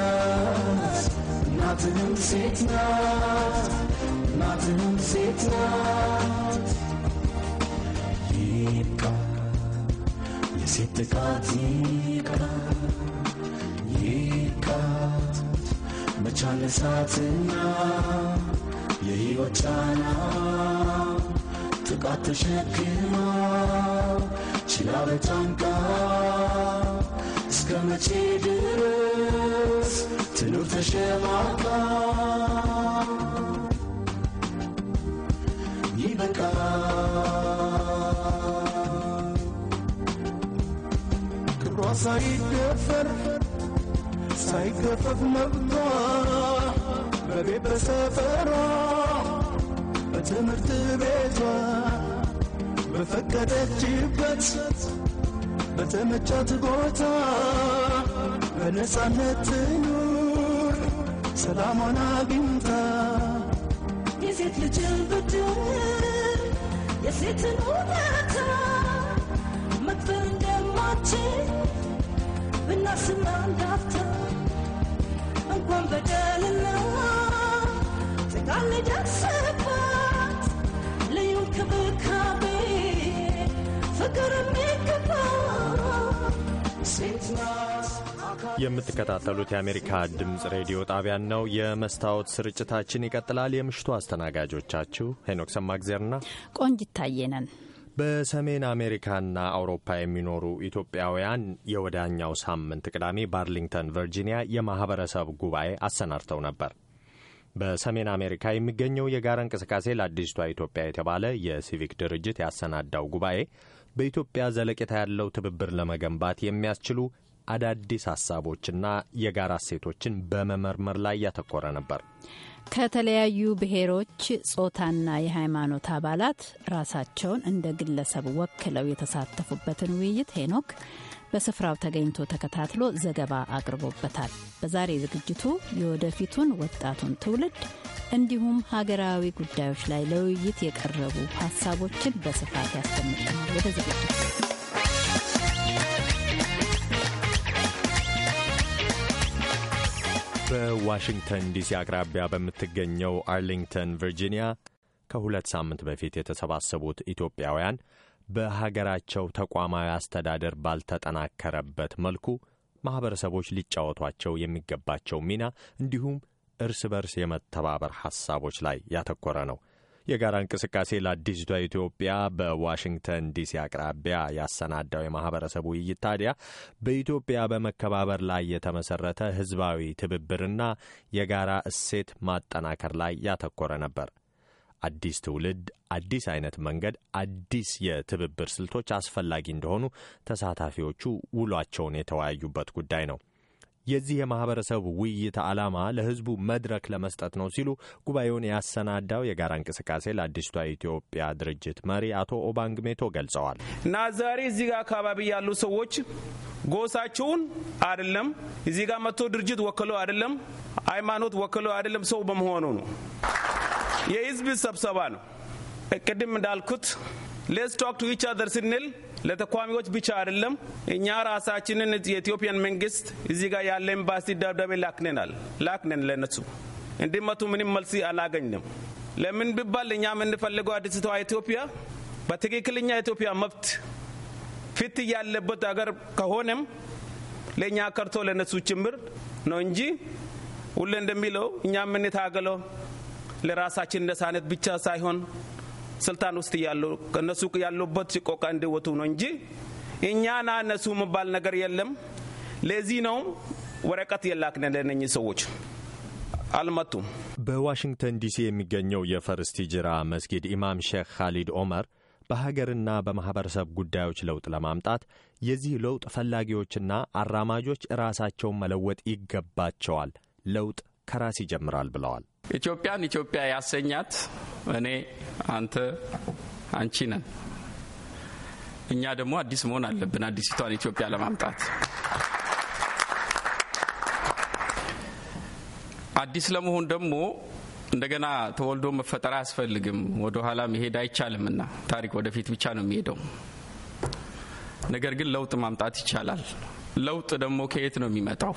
[SPEAKER 9] not to whom Sitna, not to whom Sitna. Yipka, yesitka tika, yipka. ያልቻለ እሳትና የሕይወት ጫና ጥቃት ተሸክማ ችላ በጫንቃ እስከ መቼ ድረስ ትኑር ተሸማቃ? ይበቃል ክብሯ ሳይደፈር ሳይገፈፍ መብቷ በቤት በሰፈሯ በትምህርት ቤቷ በፈቀደችበት በተመቻት ቦታ በነፃነት ትኑር ሰላሟን አግኝታ የሴት ልጅን ብድር የሴትን ውለታ መክፈል እንደማችን ብናስማ
[SPEAKER 1] የምትከታተሉት የአሜሪካ ድምፅ ሬዲዮ ጣቢያን ነው። የመስታወት ስርጭታችን ይቀጥላል። የምሽቱ አስተናጋጆቻችሁ ሄኖክ ሰማግዜርና
[SPEAKER 2] ቆንጅ ታየ
[SPEAKER 1] በሰሜን አሜሪካና አውሮፓ የሚኖሩ ኢትዮጵያውያን የወዳኛው ሳምንት ቅዳሜ ባርሊንግተን ቨርጂኒያ የማህበረሰብ ጉባኤ አሰናድተው ነበር። በሰሜን አሜሪካ የሚገኘው የጋራ እንቅስቃሴ ለአዲስቷ ኢትዮጵያ የተባለ የሲቪክ ድርጅት ያሰናዳው ጉባኤ በኢትዮጵያ ዘለቄታ ያለው ትብብር ለመገንባት የሚያስችሉ አዳዲስ ሀሳቦችና የጋራ እሴቶችን በመመርመር ላይ ያተኮረ ነበር።
[SPEAKER 2] ከተለያዩ ብሔሮች፣ ጾታና የሃይማኖት አባላት ራሳቸውን እንደ ግለሰብ ወክለው የተሳተፉበትን ውይይት ሄኖክ በስፍራው ተገኝቶ ተከታትሎ ዘገባ አቅርቦበታል። በዛሬ ዝግጅቱ የወደፊቱን ወጣቱን ትውልድ እንዲሁም ሀገራዊ ጉዳዮች ላይ ለውይይት የቀረቡ ሀሳቦችን በስፋት ያስደምጠናል። ወደ ዝግጅቱ
[SPEAKER 1] በዋሽንግተን ዲሲ አቅራቢያ በምትገኘው አርሊንግተን ቨርጂኒያ ከሁለት ሳምንት በፊት የተሰባሰቡት ኢትዮጵያውያን በሀገራቸው ተቋማዊ አስተዳደር ባልተጠናከረበት መልኩ ማኅበረሰቦች ሊጫወቷቸው የሚገባቸው ሚና እንዲሁም እርስ በርስ የመተባበር ሐሳቦች ላይ ያተኮረ ነው። የጋራ እንቅስቃሴ ለአዲስቷ ኢትዮጵያ በዋሽንግተን ዲሲ አቅራቢያ ያሰናዳው የማህበረሰብ ውይይት ታዲያ በኢትዮጵያ በመከባበር ላይ የተመሰረተ ህዝባዊ ትብብርና የጋራ እሴት ማጠናከር ላይ ያተኮረ ነበር። አዲስ ትውልድ፣ አዲስ አይነት መንገድ፣ አዲስ የትብብር ስልቶች አስፈላጊ እንደሆኑ ተሳታፊዎቹ ውሏቸውን የተወያዩበት ጉዳይ ነው። የዚህ የማህበረሰብ ውይይት ዓላማ ለህዝቡ መድረክ ለመስጠት ነው ሲሉ ጉባኤውን ያሰናዳው የጋራ እንቅስቃሴ ለአዲስቷ ኢትዮጵያ ድርጅት መሪ አቶ ኦባንግ ሜቶ ገልጸዋል።
[SPEAKER 11] እና ዛሬ እዚህ ጋር አካባቢ ያሉ ሰዎች ጎሳቸውን አይደለም እዚህ ጋር መጥቶ ድርጅት ወክሎ አይደለም ሃይማኖት ወክሎ አይደለም ሰው በመሆኑ ነው። የህዝብ ስብሰባ ነው። ቅድም እንዳልኩት ሌስ ቶክ ቱ ኢች አዘር ስንል ለተቋሚዎች ብቻ አይደለም። እኛ ራሳችንን የኢትዮጵያን መንግስት እዚህ ጋር ያለ ኤምባሲ ደብዳቤ ላክነናል ላክነን ለነሱ እንዲመቱ ምንም መልስ አላገኝንም። ለምን ቢባል እኛ የምንፈልገው አዲስቷ ኢትዮጵያ በትክክለኛ ኢትዮጵያ መብት ፊት ያለበት አገር ከሆነም ለእኛ ከርቶ ለነሱ ጭምር ነው እንጂ ሁሌ እንደሚለው እኛ የምንታገለው ለራሳችን ነሳነት ብቻ ሳይሆን ስልጣን ውስጥ እነሱ ያሉበት ሲቆቃ እንዲወቱ ነው እንጂ እኛና እነሱ የሚባል ነገር የለም። ለዚህ ነው ወረቀት የላክነ ለነኝ ሰዎች
[SPEAKER 1] አልመጡም። በዋሽንግተን ዲሲ የሚገኘው የፈርስቲ ጅራ መስጊድ ኢማም ሼክ ካሊድ ኦመር በሀገርና በማኅበረሰብ ጉዳዮች ለውጥ ለማምጣት የዚህ ለውጥ ፈላጊዎችና አራማጆች ራሳቸውን መለወጥ ይገባቸዋል፣ ለውጥ ከራስ ይጀምራል ብለዋል።
[SPEAKER 6] ኢትዮጵያን ኢትዮጵያ ያሰኛት እኔ፣ አንተ፣ አንቺ ነን። እኛ ደግሞ አዲስ መሆን አለብን፣ አዲሲቷን ኢትዮጵያ ለማምጣት። አዲስ ለመሆን ደግሞ እንደገና ተወልዶ መፈጠር አያስፈልግም። ወደ ኋላ መሄድ አይቻልምና ታሪክ ወደፊት ብቻ ነው የሚሄደው። ነገር ግን ለውጥ ማምጣት ይቻላል። ለውጥ ደግሞ ከየት ነው የሚመጣው?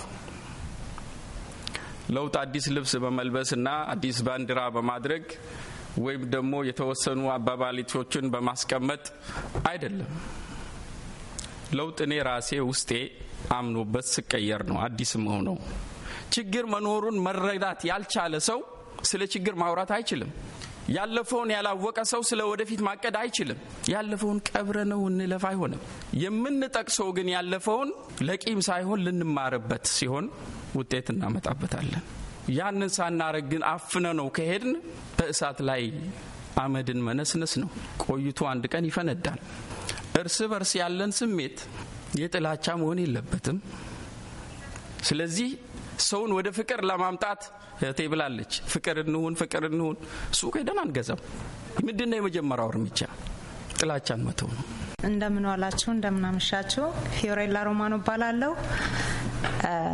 [SPEAKER 6] ለውጥ አዲስ ልብስ በመልበስና አዲስ ባንዲራ በማድረግ ወይም ደግሞ የተወሰኑ አባባሊቶችን በማስቀመጥ አይደለም። ለውጥ እኔ ራሴ ውስጤ አምኖበት ስቀየር ነው አዲስ መሆነው። ችግር መኖሩን መረዳት ያልቻለ ሰው ስለ ችግር ማውራት አይችልም። ያለፈውን ያላወቀ ሰው ስለ ወደፊት ማቀድ አይችልም። ያለፈውን ቀብረ ነው እንለፍ አይሆንም። የምንጠቅሰው ግን ያለፈውን ለቂም ሳይሆን ልንማርበት ሲሆን ውጤት እናመጣበታለን። ያንን ሳናረግ ግን አፍነ ነው ከሄድን በእሳት ላይ አመድን መነስነስ ነው። ቆይቶ አንድ ቀን ይፈነዳል። እርስ በርስ ያለን ስሜት የጥላቻ መሆን የለበትም። ስለዚህ ሰውን ወደ ፍቅር ለማምጣት እህቴ ብላለች፣ ፍቅር እንሁን ፍቅር እንሁን። ሱቅ ሄደን አንገዛም። ምንድነው የመጀመሪያው እርምጃ? ጥላቻን መተው ነው።
[SPEAKER 5] እንደምን ዋላችሁ፣ እንደምናመሻችሁ። ፊዮሬላ ሮማኖ እባላለሁ።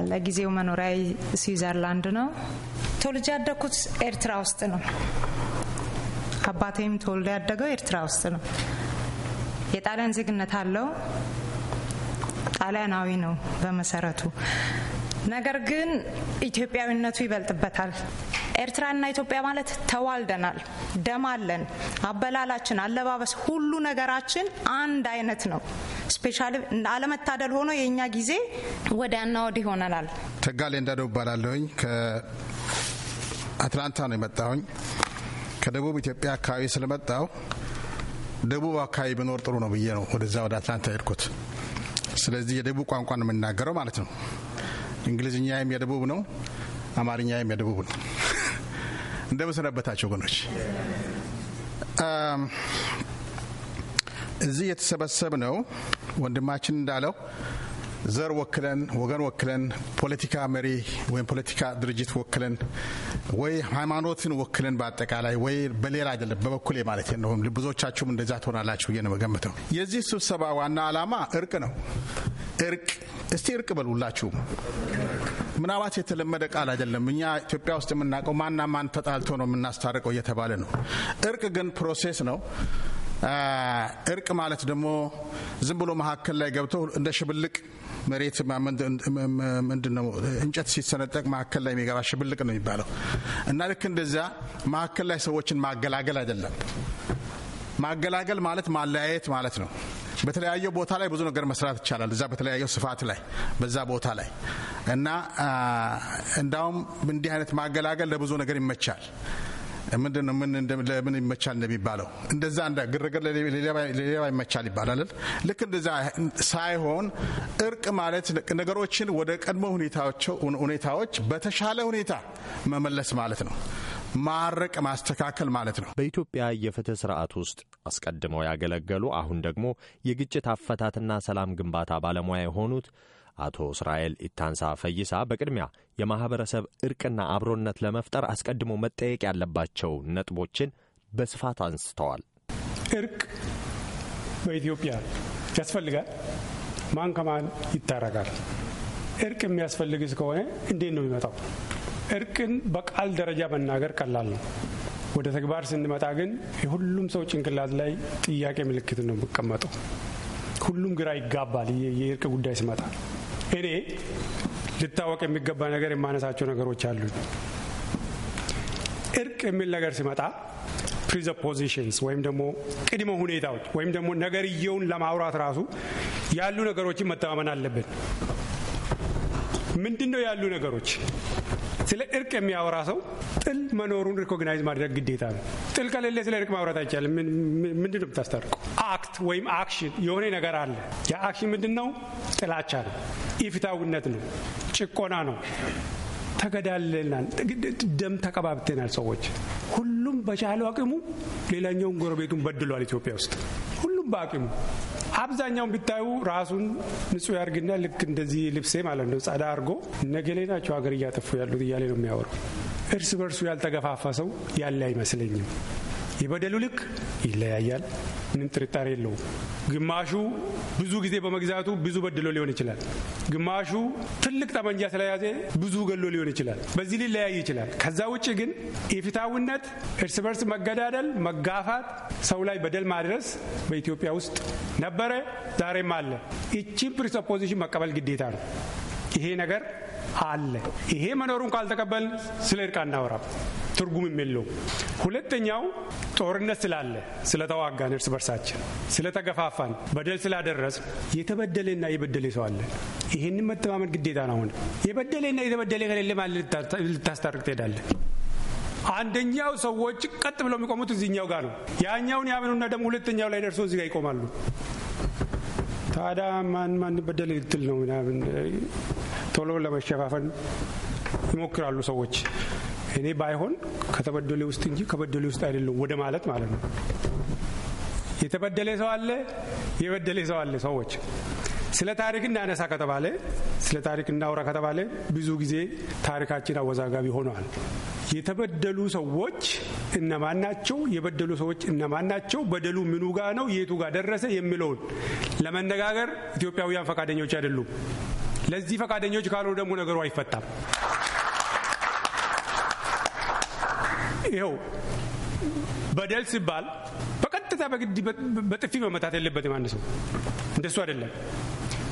[SPEAKER 5] ለጊዜው መኖሪያ ስዊዘርላንድ ነው። ተወልጄ ያደግኩት ኤርትራ ውስጥ ነው። አባቴም ተወልዶ ያደገው ኤርትራ ውስጥ ነው። የጣሊያን ዜግነት አለው። ጣሊያናዊ ነው በመሰረቱ። ነገር ግን ኢትዮጵያዊነቱ ይበልጥበታል። ኤርትራና ኢትዮጵያ ማለት ተዋልደናል፣ ደም አለን፣ አበላላችን፣ አለባበስ፣ ሁሉ ነገራችን አንድ አይነት ነው። ስፔሻል አለመታደል ሆኖ የእኛ ጊዜ ወዲያና ወዲህ ሆነናል።
[SPEAKER 8] ተጋሌ እንዳደው እባላለሁኝ ከአትላንታ ነው የመጣሁኝ። ከደቡብ ኢትዮጵያ አካባቢ ስለመጣው ደቡብ አካባቢ ብኖር ጥሩ ነው ብዬ ነው ወደዛ ወደ አትላንታ ሄድኩት። ስለዚህ የደቡብ ቋንቋ ነው የምናገረው ማለት ነው። እንግሊዝኛም የደቡብ ነው፣ አማርኛም የደቡብ ነው። እንደምሰነበታቸው ወገኖች እዚህ የተሰበሰብ ነው ወንድማችን እንዳለው ዘር ወክለን ወገን ወክለን ፖለቲካ መሪ ወይም ፖለቲካ ድርጅት ወክለን ወይ ሃይማኖትን ወክለን በአጠቃላይ ወይ በሌላ አይደለም፣ በበኩሌ ማለት ነው። ብዙዎቻችሁም እንደዛ ትሆናላችሁ ብዬ ነው የምገምተው። የዚህ ስብሰባ ዋና ዓላማ እርቅ ነው። እርቅ እስቲ እርቅ በሉላችሁ። ምናልባት የተለመደ ቃል አይደለም። እኛ ኢትዮጵያ ውስጥ የምናውቀው ማና ማን ተጣልቶ ነው የምናስታርቀው እየተባለ ነው። እርቅ ግን ፕሮሴስ ነው። እርቅ ማለት ደግሞ ዝም ብሎ መካከል ላይ ገብተው እንደ ሽብልቅ መሬት ምንድን ነው እንጨት ሲሰነጠቅ መካከል ላይ የሚገባ ሽብልቅ ነው የሚባለው እና ልክ እንደዚያ መካከል ላይ ሰዎችን ማገላገል አይደለም። ማገላገል ማለት ማለያየት ማለት ነው። በተለያየ ቦታ ላይ ብዙ ነገር መስራት ይቻላል። እዛ በተለያየው ስፋት ላይ በዛ ቦታ ላይ እና እንዳውም እንዲህ አይነት ማገላገል ለብዙ ነገር ይመቻል። ምንድነው ምን ለምን ይመቻል እንደሚባለው እንደዛ እንደ ግርግር ለሌባ ይመቻል ይባላል። ልክ እንደዛ ሳይሆን እርቅ ማለት ነገሮችን ወደ ቀድሞ ሁኔታዎች በተሻለ ሁኔታ መመለስ
[SPEAKER 1] ማለት ነው። ማረቅ ማስተካከል ማለት ነው። በኢትዮጵያ የፍትህ ስርዓት ውስጥ አስቀድመው ያገለገሉ አሁን ደግሞ የግጭት አፈታትና ሰላም ግንባታ ባለሙያ የሆኑት አቶ እስራኤል ኢታንሳ ፈይሳ በቅድሚያ የማህበረሰብ እርቅና አብሮነት ለመፍጠር አስቀድሞ መጠየቅ ያለባቸው ነጥቦችን በስፋት አንስተዋል። እርቅ በኢትዮጵያ ያስፈልጋል። ማን ከማን ይታረቃል?
[SPEAKER 4] እርቅ የሚያስፈልግ እስከሆነ እንዴት ነው የሚመጣው? እርቅን በቃል ደረጃ መናገር ቀላል ነው። ወደ ተግባር ስንመጣ ግን የሁሉም ሰው ጭንቅላት ላይ ጥያቄ ምልክት ነው የሚቀመጠው። ሁሉም ግራ ይጋባል። የእርቅ ጉዳይ ስመጣ እኔ ሊታወቅ የሚገባ ነገር የማነሳቸው ነገሮች አሉ። እርቅ የሚል ነገር ሲመጣ ፕሪዘፖዚሽንስ ወይም ደግሞ ቅድመ ሁኔታዎች ወይም ደግሞ ነገርየውን ለማውራት ራሱ ያሉ ነገሮችን መተማመን አለብን። ምንድን ነው ያሉ ነገሮች? ስለ እርቅ የሚያወራ ሰው ጥል መኖሩን ሪኮግናይዝ ማድረግ ግዴታ ነው። ጥል ከሌለ ስለ እርቅ ማውራት አይቻልም። ምንድን ነው የምታስታርቁ? አክት ወይም አክሽን የሆነ ነገር አለ። ያ አክሽን ምንድን ነው? ጥላቻ ነው፣ ኢፍታዊነት ነው፣ ጭቆና ነው። ተገዳለናል፣ ደም ተቀባብተናል። ሰዎች ሁሉም በቻለው አቅሙ ሌላኛውን ጎረቤቱን በድሏል። ኢትዮጵያ ውስጥ ሁሉም በአቅሙ አብዛኛውን ቢታዩ ራሱን ንጹህ ያርግና ልክ እንደዚህ ልብሴ ማለት ነው ጸዳ አርጎ ነገሌ ናቸው ሀገር እያጠፉ ያሉት እያሌ ነው የሚያወሩ። እርስ በርሱ ያልተገፋፋ ሰው ያለ አይመስለኝም። የበደሉ ልክ ይለያያል። ምንም ጥርጣሬ የለውም። ግማሹ ብዙ ጊዜ በመግዛቱ ብዙ በድሎ ሊሆን ይችላል። ግማሹ ትልቅ ጠመንጃ ስለያዘ ብዙ ገሎ ሊሆን ይችላል። በዚህ ሊለያይ ይችላል። ከዛ ውጭ ግን የፊታዊነት እርስ በርስ መገዳደል፣ መጋፋት፣ ሰው ላይ በደል ማድረስ በኢትዮጵያ ውስጥ ነበረ፣ ዛሬም አለ። ይቺን ፕሪሰፖዚሽን መቀበል ግዴታ ነው። ይሄ ነገር አለ። ይሄ መኖሩን ካልተቀበል ስለ እርቅ አናወራም። ትርጉምም የለውም። ሁለተኛው ጦርነት ስላለ ስለተዋጋን፣ እርስ በርሳችን ስለተገፋፋን፣ በደል ስላደረስ የተበደለና የበደለ ሰው አለ። ይህንን መተማመን ግዴታ ነው። አሁን የበደለና የተበደለ ከሌለ ማለት ልታስታርቅ ትሄዳለን። አንደኛው ሰዎች ቀጥ ብለው የሚቆሙት እዚህኛው ጋር ነው። ያኛውን ያምኑና ደግሞ ሁለተኛው ላይ ደርሶ እዚህ ጋር ይቆማሉ። ታዲያ ማን ማን በደል ልትል ነው? ቶሎ ለመሸፋፈን ይሞክራሉ ሰዎች። እኔ ባይሆን ከተበደሌ ውስጥ እንጂ ከበደሌ ውስጥ አይደለም ወደ ማለት ማለት ነው። የተበደለ ሰው አለ፣ የበደለ ሰው አለ። ሰዎች ስለ ታሪክ እናነሳ ከተባለ ስለ ታሪክ እናውራ ከተባለ ብዙ ጊዜ ታሪካችን አወዛጋቢ ሆነዋል። የተበደሉ ሰዎች እነማን ናቸው? የበደሉ ሰዎች እነማን ናቸው? በደሉ ምኑ ጋ ነው? የቱ ጋር ደረሰ? የሚለውን ለመነጋገር ኢትዮጵያውያን ፈቃደኞች አይደሉም። ለዚህ ፈቃደኞች ካልሆኑ ደግሞ ነገሩ አይፈታም። ይኸው በደል ሲባል በቀጥታ በግድ በጥፊ መመታት የለበትም። አንድ ሰው እንደሱ አይደለም።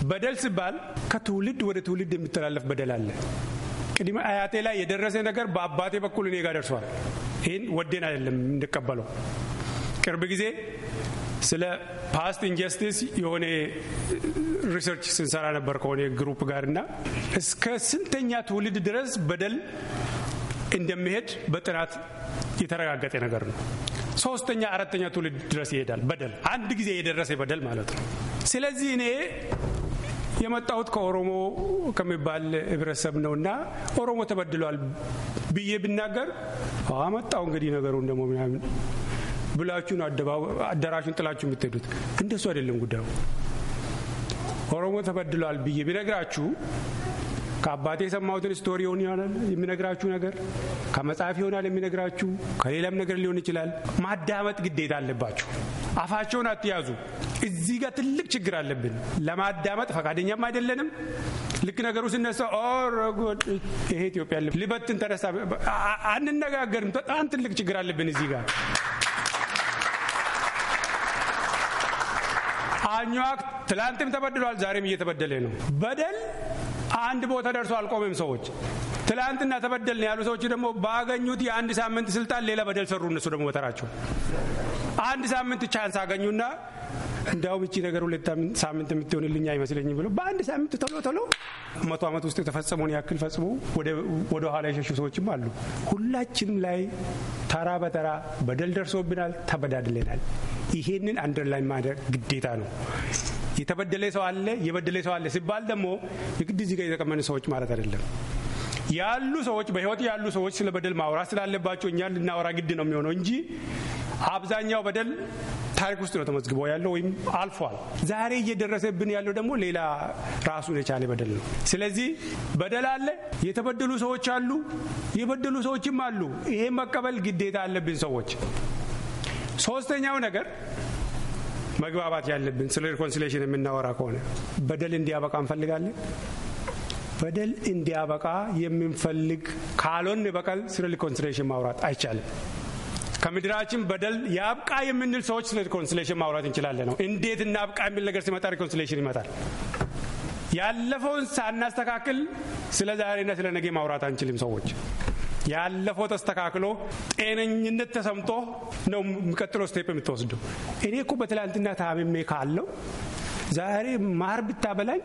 [SPEAKER 4] በደል ሲባል ከትውልድ ወደ ትውልድ የሚተላለፍ በደል አለ። ቅድመ አያቴ ላይ የደረሰ ነገር በአባቴ በኩል እኔ ጋር ደርሷል። ይህን ወዴን አይደለም እንቀበለው። ቅርብ ጊዜ ስለ ፓስት ኢንጀስቲስ የሆነ ሪሰርች ስንሰራ ነበር ከሆነ ግሩፕ ጋር እና እስከ ስንተኛ ትውልድ ድረስ በደል እንደሚሄድ በጥናት የተረጋገጠ ነገር ነው። ሶስተኛ አራተኛ ትውልድ ድረስ ይሄዳል። በደል አንድ ጊዜ የደረሰ በደል ማለት ነው። ስለዚህ እኔ የመጣሁት ከኦሮሞ ከሚባል ህብረተሰብ ነው እና ኦሮሞ ተበድሏል ብዬ ብናገር አመጣው እንግዲህ ነገሩ ደግሞ ምናምን ብላችሁን አዳራሹን ጥላችሁ የምትሄዱት እንደሱ አይደለም ጉዳዩ። ኦሮሞ ተበድሏል ብዬ ቢነግራችሁ ከአባቴ የሰማሁትን ስቶሪውን ይሆናል የሚነግራችሁ ነገር ከመጽሐፍ ይሆናል የሚነግራችሁ ከሌላም ነገር ሊሆን ይችላል። ማዳመጥ ግዴታ አለባችሁ። አፋቸውን አትያዙ። እዚህ ጋር ትልቅ ችግር አለብን። ለማዳመጥ ፈቃደኛም አይደለንም። ልክ ነገሩ ስነሳ ኦረጎድ ይሄ ኢትዮጵያ ልበትን ተነሳ፣ አንነጋገርም። በጣም ትልቅ ችግር አለብን እዚህ ጋር አኟክ ትላንትም ተበድሏል፣ ዛሬም እየተበደለ ነው። በደል አንድ ቦታ ደርሶ አልቆመም። ሰዎች ትላንትና ተበደልን ያሉ ሰዎች ደግሞ ባገኙት የአንድ ሳምንት ስልጣን ሌላ በደል ሰሩ። እነሱ ደግሞ በተራቸው አንድ ሳምንት ቻንስ አገኙና እንዳውም እቺ ነገር ሁለት ሳምንት የምትሆንልኝ አይመስለኝም ብሎ በአንድ ሳምንት ቶሎ ቶሎ መቶ ዓመት ውስጥ የተፈጸመውን ያክል ፈጽሞ ወደ ኋላ የሸሹ ሰዎችም አሉ። ሁላችንም ላይ ተራ በተራ በደል ደርሶብናል፣ ተበዳድለናል። ይሄንን አንደርላይን ማድረግ ግዴታ ነው። የተበደለ ሰው አለ፣ የበደለ ሰው አለ ሲባል ደግሞ የግድ እዚህ ጋር የተቀመኑ ሰዎች ማለት አይደለም። ያሉ ሰዎች በህይወት ያሉ ሰዎች ስለ በደል ማውራት ስላለባቸው እኛ ልናወራ ግድ ነው የሚሆነው እንጂ አብዛኛው በደል ታሪክ ውስጥ ነው ተመዝግቦ ያለው ወይም አልፏል። ዛሬ እየደረሰብን ያለው ደግሞ ሌላ ራሱን የቻለ በደል ነው። ስለዚህ በደል አለ፣ የተበደሉ ሰዎች አሉ፣ የበደሉ ሰዎችም አሉ። ይሄ መቀበል ግዴታ አለብን ሰዎች። ሶስተኛው ነገር መግባባት ያለብን ስለ ሪኮንሲሌሽን የምናወራ ከሆነ በደል እንዲያበቃ እንፈልጋለን። በደል እንዲያበቃ የምንፈልግ ካልሆን በቀል ስለ ሪኮንሲሌሽን ማውራት አይቻልም። ከምድራችን በደል ያብቃ የምንል ሰዎች ስለ ሪኮንሲሌሽን ማውራት እንችላለን ነው። እንዴት እናብቃ የሚል ነገር ሲመጣ ሪኮንሲሌሽን ይመጣል። ያለፈውን ሳናስተካክል ስለ ዛሬና ስለ ነገ ማውራት አንችልም ሰዎች ያለፈው ተስተካክሎ ጤነኝነት ተሰምቶ ነው የሚቀጥለው ስቴፕ የምትወስደው። እኔ እኮ በትላንትና ታምሜ ካለው ዛሬ ማር ብታበላኝ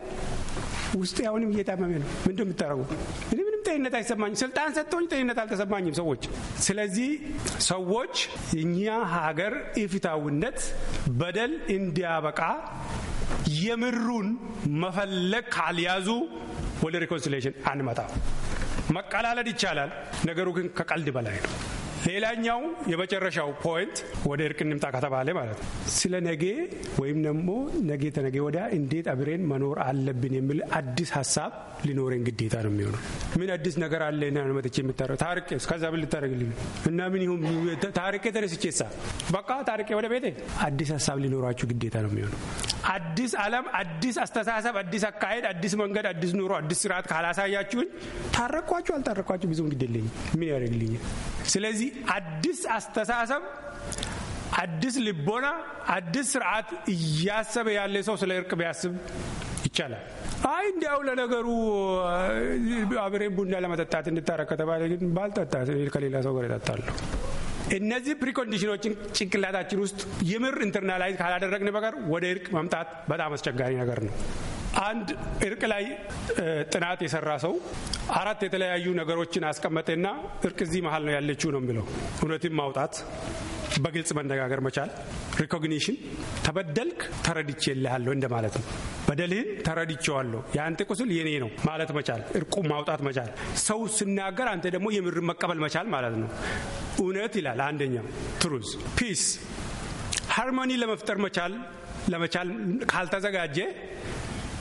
[SPEAKER 4] ውስጥ አሁንም እየታመመ ነው። ምንድ የምታደርገው? እኔ ምንም ጤንነት አይሰማኝም። ስልጣን ሰጥቶኝ ጤንነት አልተሰማኝም ሰዎች። ስለዚህ ሰዎች እኛ ሀገር ኢፍትሐዊነት በደል እንዲያበቃ የምሩን መፈለግ ካልያዙ ወደ ሪኮንሲሌሽን አንመጣም። መቀላለድ ይቻላል። ነገሩ ግን ከቀልድ በላይ ነው። ሌላኛው የመጨረሻው ፖይንት ወደ እርቅ እንምጣ ከተባለ ማለት ነው ስለ ነጌ ወይም ደግሞ ነገ ተነገ ወዲያ እንዴት አብሬን መኖር አለብን የሚል አዲስ ሀሳብ ሊኖረን ግዴታ ነው የሚሆነው። ምን አዲስ ነገር አለ መጥቼ የምታረ ታርቄ እስከዛ ብል ልታደረግልኝ እና ምን ይሁን ታርቄ ተነስቼሳ በቃ ታርቄ ወደ ቤቴ አዲስ ሀሳብ ሊኖራችሁ ግዴታ ነው የሚሆነው። አዲስ ዓለም፣ አዲስ አስተሳሰብ፣ አዲስ አካሄድ፣ አዲስ መንገድ፣ አዲስ ኑሮ፣ አዲስ ስርዓት ካላሳያችሁኝ ታረኳችሁ አልታረኳችሁ ብዙም ግድልኝ ምን ያደርግልኛል? ስለዚህ አዲስ አስተሳሰብ፣ አዲስ ልቦና፣ አዲስ ስርዓት እያሰበ ያለ ሰው ስለ እርቅ ቢያስብ ይቻላል። አይ እንዲያው ለነገሩ አብሬን ቡና ለመጠጣት እንድታረቅ ከተባለ ግን ባልጠጣ ከሌላ ሰው ጋር ይጠጣለሁ። እነዚህ ፕሪኮንዲሽኖችን ጭንቅላታችን ውስጥ የምር ኢንተርናላይዝ ካላደረግን በቀር ወደ እርቅ መምጣት በጣም አስቸጋሪ ነገር ነው። አንድ እርቅ ላይ ጥናት የሰራ ሰው አራት የተለያዩ ነገሮችን አስቀመጠና እርቅ እዚህ መሀል ነው ያለችው ነው የሚለው እውነትን ማውጣት በግልጽ መነጋገር መቻል፣ ሪኮግኒሽን ተበደልክ ተረድቼልሃለሁ እንደማለት ነው። በደልህን ተረድቼዋለሁ፣ የአንተ ቁስል የኔ ነው ማለት መቻል፣ እርቁ ማውጣት መቻል፣ ሰው ስናገር አንተ ደግሞ የምር መቀበል መቻል ማለት ነው። እውነት ይላል አንደኛው ትሩዝ ፒስ ሃርሞኒ ለመፍጠር መቻል ለመቻል ካልተዘጋጀ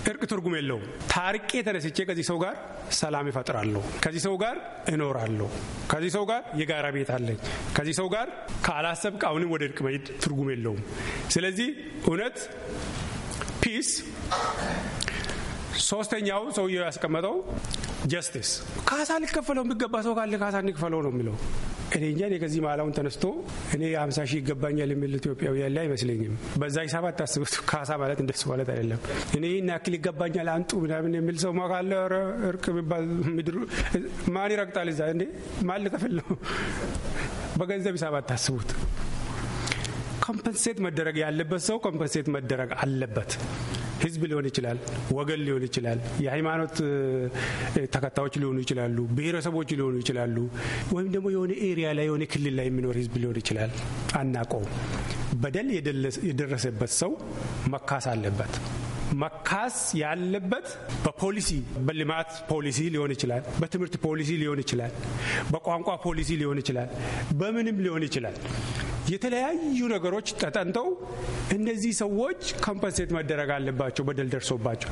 [SPEAKER 4] እርቅ ትርጉም የለውም። ታርቄ ተነስቼ ከዚህ ሰው ጋር ሰላም ይፈጥራለሁ ከዚህ ሰው ጋር እኖራለሁ፣ ከዚህ ሰው ጋር የጋራ ቤት አለኝ፣ ከዚህ ሰው ጋር ካላሰብክ አሁንም ወደ እርቅ መሄድ ትርጉም የለውም። ስለዚህ እውነት ፒስ ሶስተኛው ሰውየው ያስቀመጠው ጀስቲስ ካሳ ሊከፈለው የሚገባ ሰው ካለ ካሳ እንክፈለው ነው የሚለው። እኔ እንጃ ከዚህ ማላውን ተነስቶ እኔ ሀምሳ ሺህ ይገባኛል የሚል ኢትዮጵያዊ ያለ አይመስለኝም። በዛ ሂሳብ አታስቡት። ካሳ ማለት እንደሱ ማለት አይደለም። እኔ ይህን ያክል ይገባኛል አንጡ ምናምን የሚል ሰው ማካለ እርቅ የሚባል ምድሩ ማን ይረግጣል? እዛ እንዴ ማን ልከፍል ነው? በገንዘብ ሂሳብ አታስቡት። ኮምፐንሴት መደረግ ያለበት ሰው ኮምፐንሴት መደረግ አለበት። ህዝብ ሊሆን ይችላል፣ ወገን ሊሆን ይችላል፣ የሃይማኖት ተከታዮች ሊሆኑ ይችላሉ፣ ብሔረሰቦች ሊሆኑ ይችላሉ፣ ወይም ደግሞ የሆነ ኤሪያ ላይ የሆነ ክልል ላይ የሚኖር ህዝብ ሊሆን ይችላል። አናቀውም። በደል የደረሰበት ሰው መካስ አለበት። መካስ ያለበት በፖሊሲ በልማት ፖሊሲ ሊሆን ይችላል፣ በትምህርት ፖሊሲ ሊሆን ይችላል፣ በቋንቋ ፖሊሲ ሊሆን ይችላል፣ በምንም ሊሆን ይችላል። የተለያዩ ነገሮች ተጠንተው እነዚህ ሰዎች ኮምፐንሴት መደረግ አለባቸው በደል ደርሶባቸው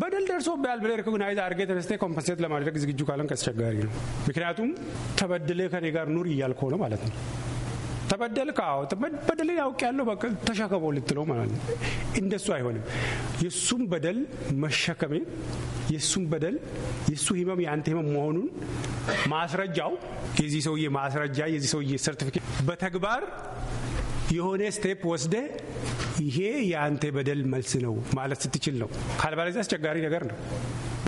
[SPEAKER 4] በደል ደርሶብሃል ብለህ ሪኮግናይዝ አድርገህ ተነስተህ ኮምፐንሴት ለማድረግ ዝግጁ ካለን አስቸጋሪ ነው። ምክንያቱም ተበድለህ ከኔ ጋር ኑር እያልከው ነው ማለት ነው። ተበደልክ? አዎ በደል ያውቅ ያለው በቃ ተሸከመው ልትለው ማለት ነው። እንደሱ አይሆንም። የእሱም በደል መሸከሜ የእሱም በደል የእሱ ህመም የአንተ ህመም መሆኑን ማስረጃው የዚህ ሰውዬ ማስረጃ የዚህ ሰውዬ ሰርቲፊኬት በተግባር የሆነ ስቴፕ ወስደ ይሄ የአንተ በደል መልስ ነው ማለት ስትችል ነው። ካልባለዚያ አስቸጋሪ ነገር ነው።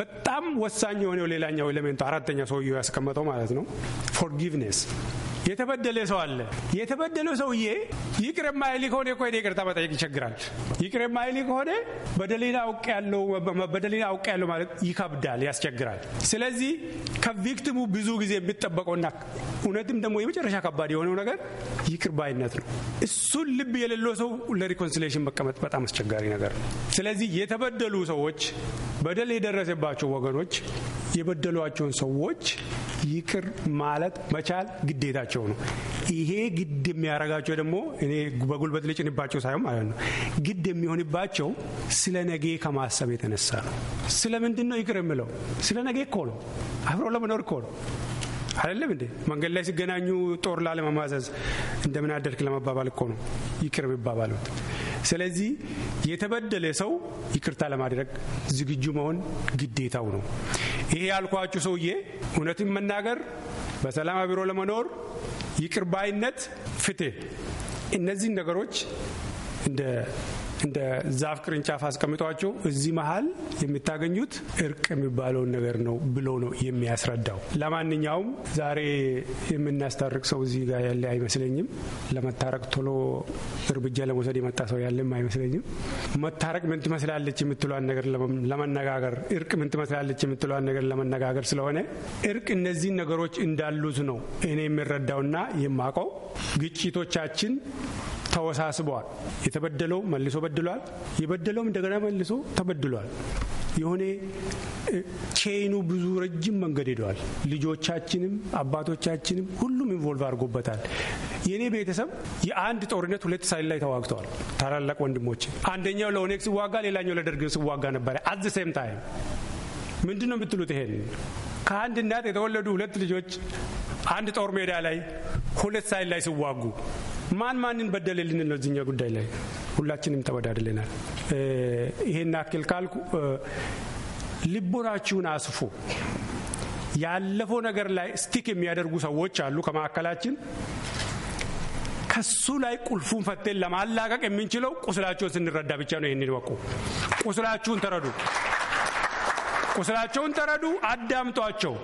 [SPEAKER 4] በጣም ወሳኝ የሆነው ሌላኛው ኤሌሜንቱ አራተኛ ሰውየው ያስቀመጠው ማለት ነው ፎርጊቭነስ የተበደለ ሰው አለ። የተበደለው ሰውዬ ይቅር የማይል ከሆነ እኮ ይቅርታ መጠየቅ ይቸግራል። ይቅር የማይል ከሆነ በደሌን አውቄያለሁ በደሌን ያለው ማለት ይከብዳል፣ ያስቸግራል። ስለዚህ ከቪክቲሙ ብዙ ጊዜ የሚጠበቀውና እውነትም ደግሞ የመጨረሻ ከባድ የሆነው ነገር ይቅር ባይነት ነው። እሱን ልብ የሌለው ሰው ለሪኮንሲሌሽን መቀመጥ በጣም አስቸጋሪ ነገር ነው። ስለዚህ የተበደሉ ሰዎች፣ በደል የደረሰባቸው ወገኖች የበደሏቸውን ሰዎች ይቅር ማለት መቻል ግዴታቸው ነው። ይሄ ግድ የሚያደርጋቸው ደግሞ እኔ በጉልበት ልጭንባቸው ሳይሆን ማለት ነው ግድ የሚሆንባቸው ስለ ነገ ከማሰብ የተነሳ ነው። ስለምንድን ነው ይቅር የምለው? ስለ ነገ እኮ ነው። አብሮ ለመኖር እኮ ነው አይደለም እንዴ? መንገድ ላይ ሲገናኙ ጦር ላለመማዘዝ እንደምን አደርክ ለመባባል እኮ ነው ይቅር የሚባባሉት። ስለዚህ የተበደለ ሰው ይቅርታ ለማድረግ ዝግጁ መሆን ግዴታው ነው። ይሄ ያልኳችሁ ሰውዬ እውነትን መናገር፣ በሰላም አብሮ ለመኖር፣ ይቅርባይነት፣ ፍትህ እነዚህን ነገሮች እንደ እንደ ዛፍ ቅርንጫፍ አስቀምጧቸው እዚህ መሀል የምታገኙት እርቅ የሚባለውን ነገር ነው ብሎ ነው የሚያስረዳው። ለማንኛውም ዛሬ የምናስታርቅ ሰው እዚህ ጋር ያለ አይመስለኝም። ለመታረቅ ቶሎ እርምጃ ለመውሰድ የመጣ ሰው ያለም አይመስለኝም። መታረቅ ምን ትመስላለች የምትሏን ነገር ለመነጋገር እርቅ ምን ትመስላለች የምትሏን ነገር ለመነጋገር ስለሆነ እርቅ እነዚህን ነገሮች እንዳሉት ነው እኔ የምረዳውና የማውቀው ግጭቶቻችን ተወሳስቧል የተበደለው መልሶ በድሏል፣ የበደለውም እንደገና መልሶ ተበድሏል። የሆነ ቼኑ ብዙ ረጅም መንገድ ሄደዋል። ልጆቻችንም አባቶቻችንም ሁሉም ኢንቮልቭ አድርጎበታል። የእኔ ቤተሰብ የአንድ ጦርነት ሁለት ሳይል ላይ ተዋግተዋል። ታላላቅ ወንድሞች አንደኛው ለኦነግ ሲዋጋ፣ ሌላኛው ለደርግ ሲዋጋ ነበረ። አት ዘ ሴም ታይም ምንድን ነው የምትሉት? ይሄን ከአንድ እናት የተወለዱ ሁለት ልጆች አንድ ጦር ሜዳ ላይ ሁለት ሳይል ላይ ሲዋጉ ማን ማንን በደለልን ልንል ነው ጉዳይ ላይ ሁላችንም ተወዳድለናል። ይሄን አክል ካልኩ ልቦናችሁን አስፉ። ያለፈው ነገር ላይ ስቲክ የሚያደርጉ ሰዎች አሉ ከማዕከላችን ከሱ ላይ ቁልፉን ፈቴን ለማላቀቅ የምንችለው ቁስላቸውን ስንረዳ ብቻ ነው። ይህንን ወቁ፣ ቁስላችሁን ተረዱ። ቁስላቸውን ተረዱ፣ አዳምጧቸው።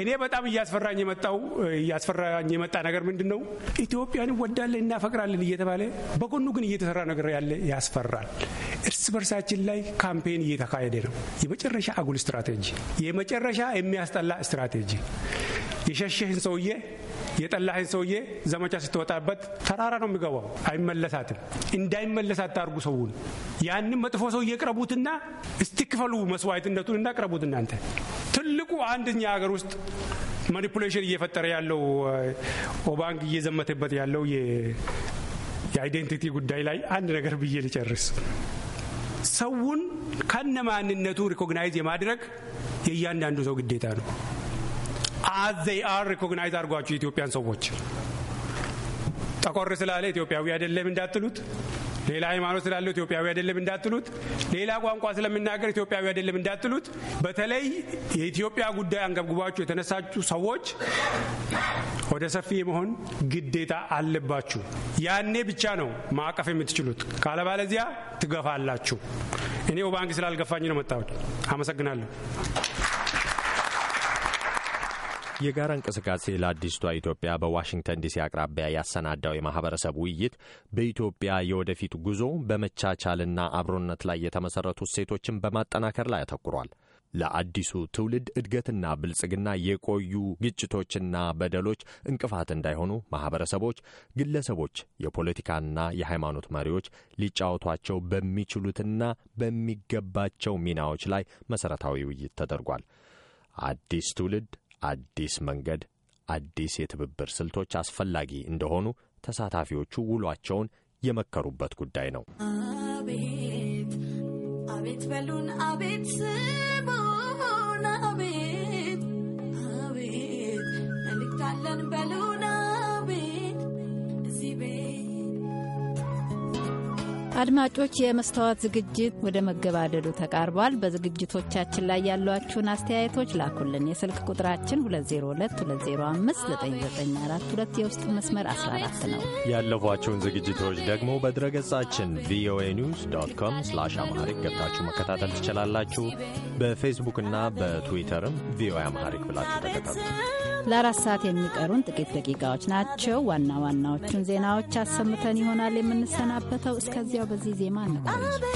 [SPEAKER 4] እኔ በጣም እያስፈራኝ የመጣው እያስፈራኝ የመጣ ነገር ምንድን ነው? ኢትዮጵያን እንወዳለን እናፈቅራለን እየተባለ በጎኑ ግን እየተሰራ ነገር ያለ ያስፈራል። እርስ በርሳችን ላይ ካምፔን እየተካሄደ ነው። የመጨረሻ አጉል ስትራቴጂ፣ የመጨረሻ የሚያስጠላ ስትራቴጂ የሸሸህን ሰውዬ የጠላህን ሰውዬ ዘመቻ ስትወጣበት ተራራ ነው የሚገባው፣ አይመለሳትም። እንዳይመለሳት ታርጉ ሰውን ያንም መጥፎ ሰውዬ ቅረቡትና እስቲክፈሉ መስዋዕትነቱን እና እናንተ ትልቁ አንደኛ ሀገር ውስጥ ማኒፑሌሽን እየፈጠረ ያለው ኦባንግ እየዘመተበት ያለው የአይዴንቲቲ ጉዳይ ላይ አንድ ነገር ብዬ ልጨርስ። ሰውን ከነማንነቱ ሪኮግናይዝ የማድረግ የእያንዳንዱ ሰው ግዴታ ነው። አዘይ አር ሪኮግናይዝ አድርጓችሁ የኢትዮጵያን ሰዎች ጠቆር ስላለ ኢትዮጵያዊ አይደለም እንዳትሉት፣ ሌላ ሃይማኖት ስላለው ኢትዮጵያዊ አይደለም እንዳትሉት፣ ሌላ ቋንቋ ስለምናገር ኢትዮጵያዊ አይደለም እንዳትሉት። በተለይ የኢትዮጵያ ጉዳይ አንገብግባችሁ የተነሳችሁ ሰዎች ወደ ሰፊ የመሆን ግዴታ አለባችሁ። ያኔ ብቻ ነው ማዕቀፍ የምትችሉት። ካለባለዚያ ትገፋላችሁ። እኔ ባንክ ስላልገፋኝ ነው መጣሁት። አመሰግናለሁ።
[SPEAKER 1] የጋራ እንቅስቃሴ ለአዲስቷ ኢትዮጵያ በዋሽንግተን ዲሲ አቅራቢያ ያሰናዳው የማህበረሰብ ውይይት በኢትዮጵያ የወደፊት ጉዞ በመቻቻልና አብሮነት ላይ የተመሰረቱ እሴቶችን በማጠናከር ላይ አተኩሯል። ለአዲሱ ትውልድ እድገትና ብልጽግና የቆዩ ግጭቶችና በደሎች እንቅፋት እንዳይሆኑ ማህበረሰቦች፣ ግለሰቦች፣ የፖለቲካና የሃይማኖት መሪዎች ሊጫወቷቸው በሚችሉትና በሚገባቸው ሚናዎች ላይ መሰረታዊ ውይይት ተደርጓል። አዲስ ትውልድ አዲስ መንገድ፣ አዲስ የትብብር ስልቶች አስፈላጊ እንደሆኑ ተሳታፊዎቹ ውሏቸውን የመከሩበት ጉዳይ ነው።
[SPEAKER 9] አቤት አቤት በሉን አቤት ስሙን አቤት አቤት በሉን
[SPEAKER 2] አድማጮች የመስታወት ዝግጅት ወደ መገባደዱ ተቃርቧል። በዝግጅቶቻችን ላይ ያሏችሁን አስተያየቶች ላኩልን። የስልክ ቁጥራችን 2022059942 የውስጥ መስመር 14 ነው።
[SPEAKER 1] ያለፏቸውን ዝግጅቶች ደግሞ በድረገጻችን ቪኦኤ ኒውስ ዶት ኮም ስላሽ አማሪክ ገብታችሁ መከታተል ትችላላችሁ። በፌስቡክና በትዊተርም ቪኦኤ አማሪክ ብላችሁ ተከታተሉ።
[SPEAKER 2] ለአራት ሰዓት የሚቀሩን ጥቂት ደቂቃዎች ናቸው። ዋና ዋናዎቹን ዜናዎች አሰምተን ይሆናል የምንሰናበተው እስከዚያው በዚህ ዜማ አነቆረች።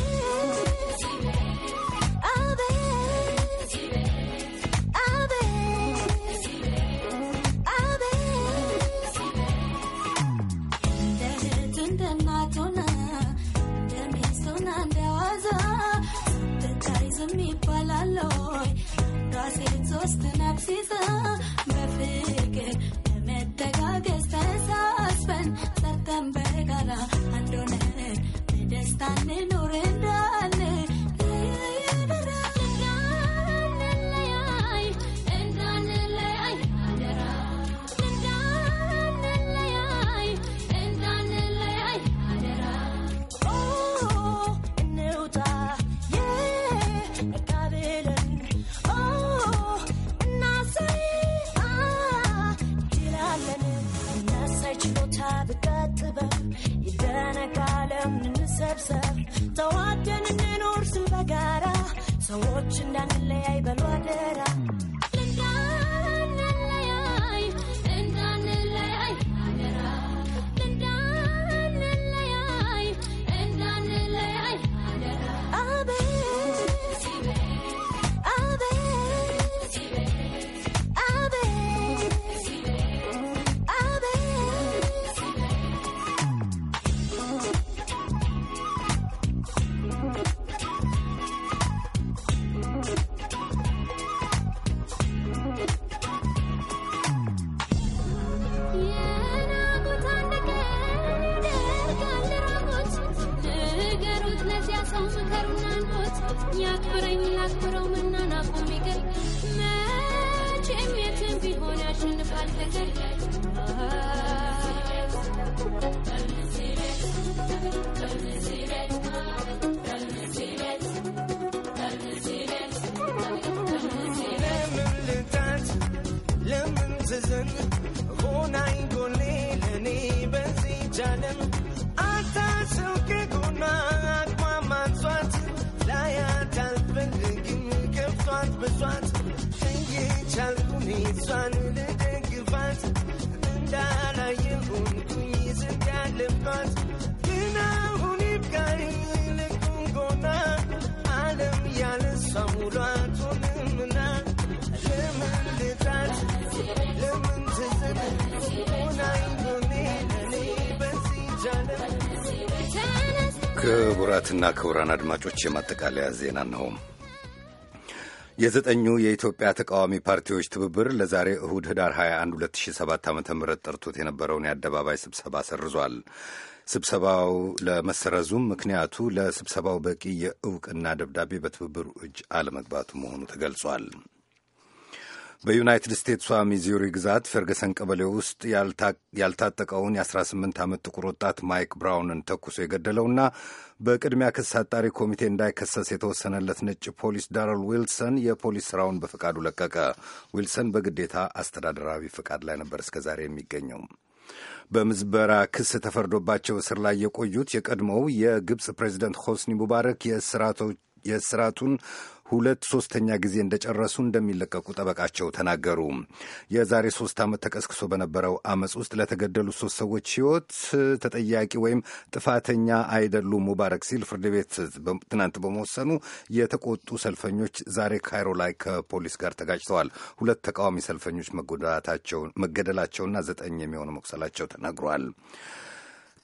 [SPEAKER 7] ክቡራትና ክቡራን አድማጮች የማጠቃለያ ዜና ነው። የዘጠኙ የኢትዮጵያ ተቃዋሚ ፓርቲዎች ትብብር ለዛሬ እሁድ ህዳር 21 2007 ዓ ም ጠርቶት የነበረውን የአደባባይ ስብሰባ ሰርዟል። ስብሰባው ለመሰረዙም ምክንያቱ ለስብሰባው በቂ የእውቅና ደብዳቤ በትብብሩ እጅ አለመግባቱ መሆኑ ተገልጿል። በዩናይትድ ስቴትሷ ሚዙሪ ግዛት ፌርገሰን ቀበሌ ውስጥ ያልታጠቀውን የ18 ዓመት ጥቁር ወጣት ማይክ ብራውንን ተኩሶ የገደለውና በቅድሚያ ክስ አጣሪ ኮሚቴ እንዳይከሰስ የተወሰነለት ነጭ ፖሊስ ዳረል ዊልሰን የፖሊስ ስራውን በፈቃዱ ለቀቀ። ዊልሰን በግዴታ አስተዳደራዊ ፈቃድ ላይ ነበር እስከ ዛሬ የሚገኘው። በምዝበራ ክስ ተፈርዶባቸው እስር ላይ የቆዩት የቀድሞው የግብፅ ፕሬዚደንት ሆስኒ ሙባረክ የእስራቱን ሁለት ሶስተኛ ጊዜ እንደጨረሱ እንደሚለቀቁ ጠበቃቸው ተናገሩ። የዛሬ ሶስት ዓመት ተቀስቅሶ በነበረው አመፅ ውስጥ ለተገደሉ ሶስት ሰዎች ህይወት ተጠያቂ ወይም ጥፋተኛ አይደሉም ሙባረክ ሲል ፍርድ ቤት ትናንት በመወሰኑ የተቆጡ ሰልፈኞች ዛሬ ካይሮ ላይ ከፖሊስ ጋር ተጋጭተዋል። ሁለት ተቃዋሚ ሰልፈኞች መገደላቸውና ዘጠኝ የሚሆኑ መቁሰላቸው ተናግሯል።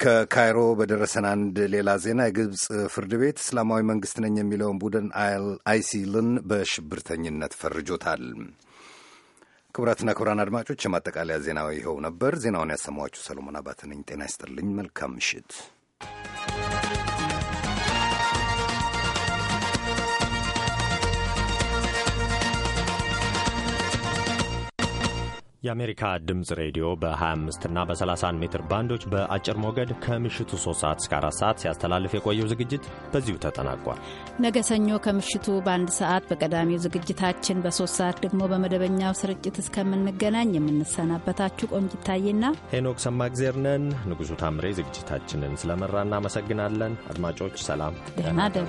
[SPEAKER 7] ከካይሮ በደረሰን አንድ ሌላ ዜና የግብፅ ፍርድ ቤት እስላማዊ መንግስት ነኝ የሚለውን ቡድን አይሲልን በሽብርተኝነት ፈርጆታል። ክቡራትና ክቡራን አድማጮች የማጠቃለያ ዜናው ይኸው ነበር። ዜናውን ያሰማኋችሁ ሰሎሞን አባተ ነኝ። ጤና ይስጥልኝ። መልካም ምሽት።
[SPEAKER 1] የአሜሪካ ድምፅ ሬዲዮ በ25 እና በ31 ሜትር ባንዶች በአጭር ሞገድ ከምሽቱ 3 ሰዓት እስከ 4 ሰዓት ሲያስተላልፍ የቆየው ዝግጅት በዚሁ ተጠናቋል።
[SPEAKER 2] ነገ ሰኞ ከምሽቱ በአንድ ሰዓት በቀዳሚው ዝግጅታችን፣ በሶስት ሰዓት ደግሞ በመደበኛው ስርጭት እስከምንገናኝ የምንሰናበታችሁ ቆንጅት ታዬና
[SPEAKER 1] ሄኖክ ሰማግዜር ነን። ንጉሡ ታምሬ ዝግጅታችንን ስለመራ እናመሰግናለን። አድማጮች ሰላም፣
[SPEAKER 2] ደህና ደሩ።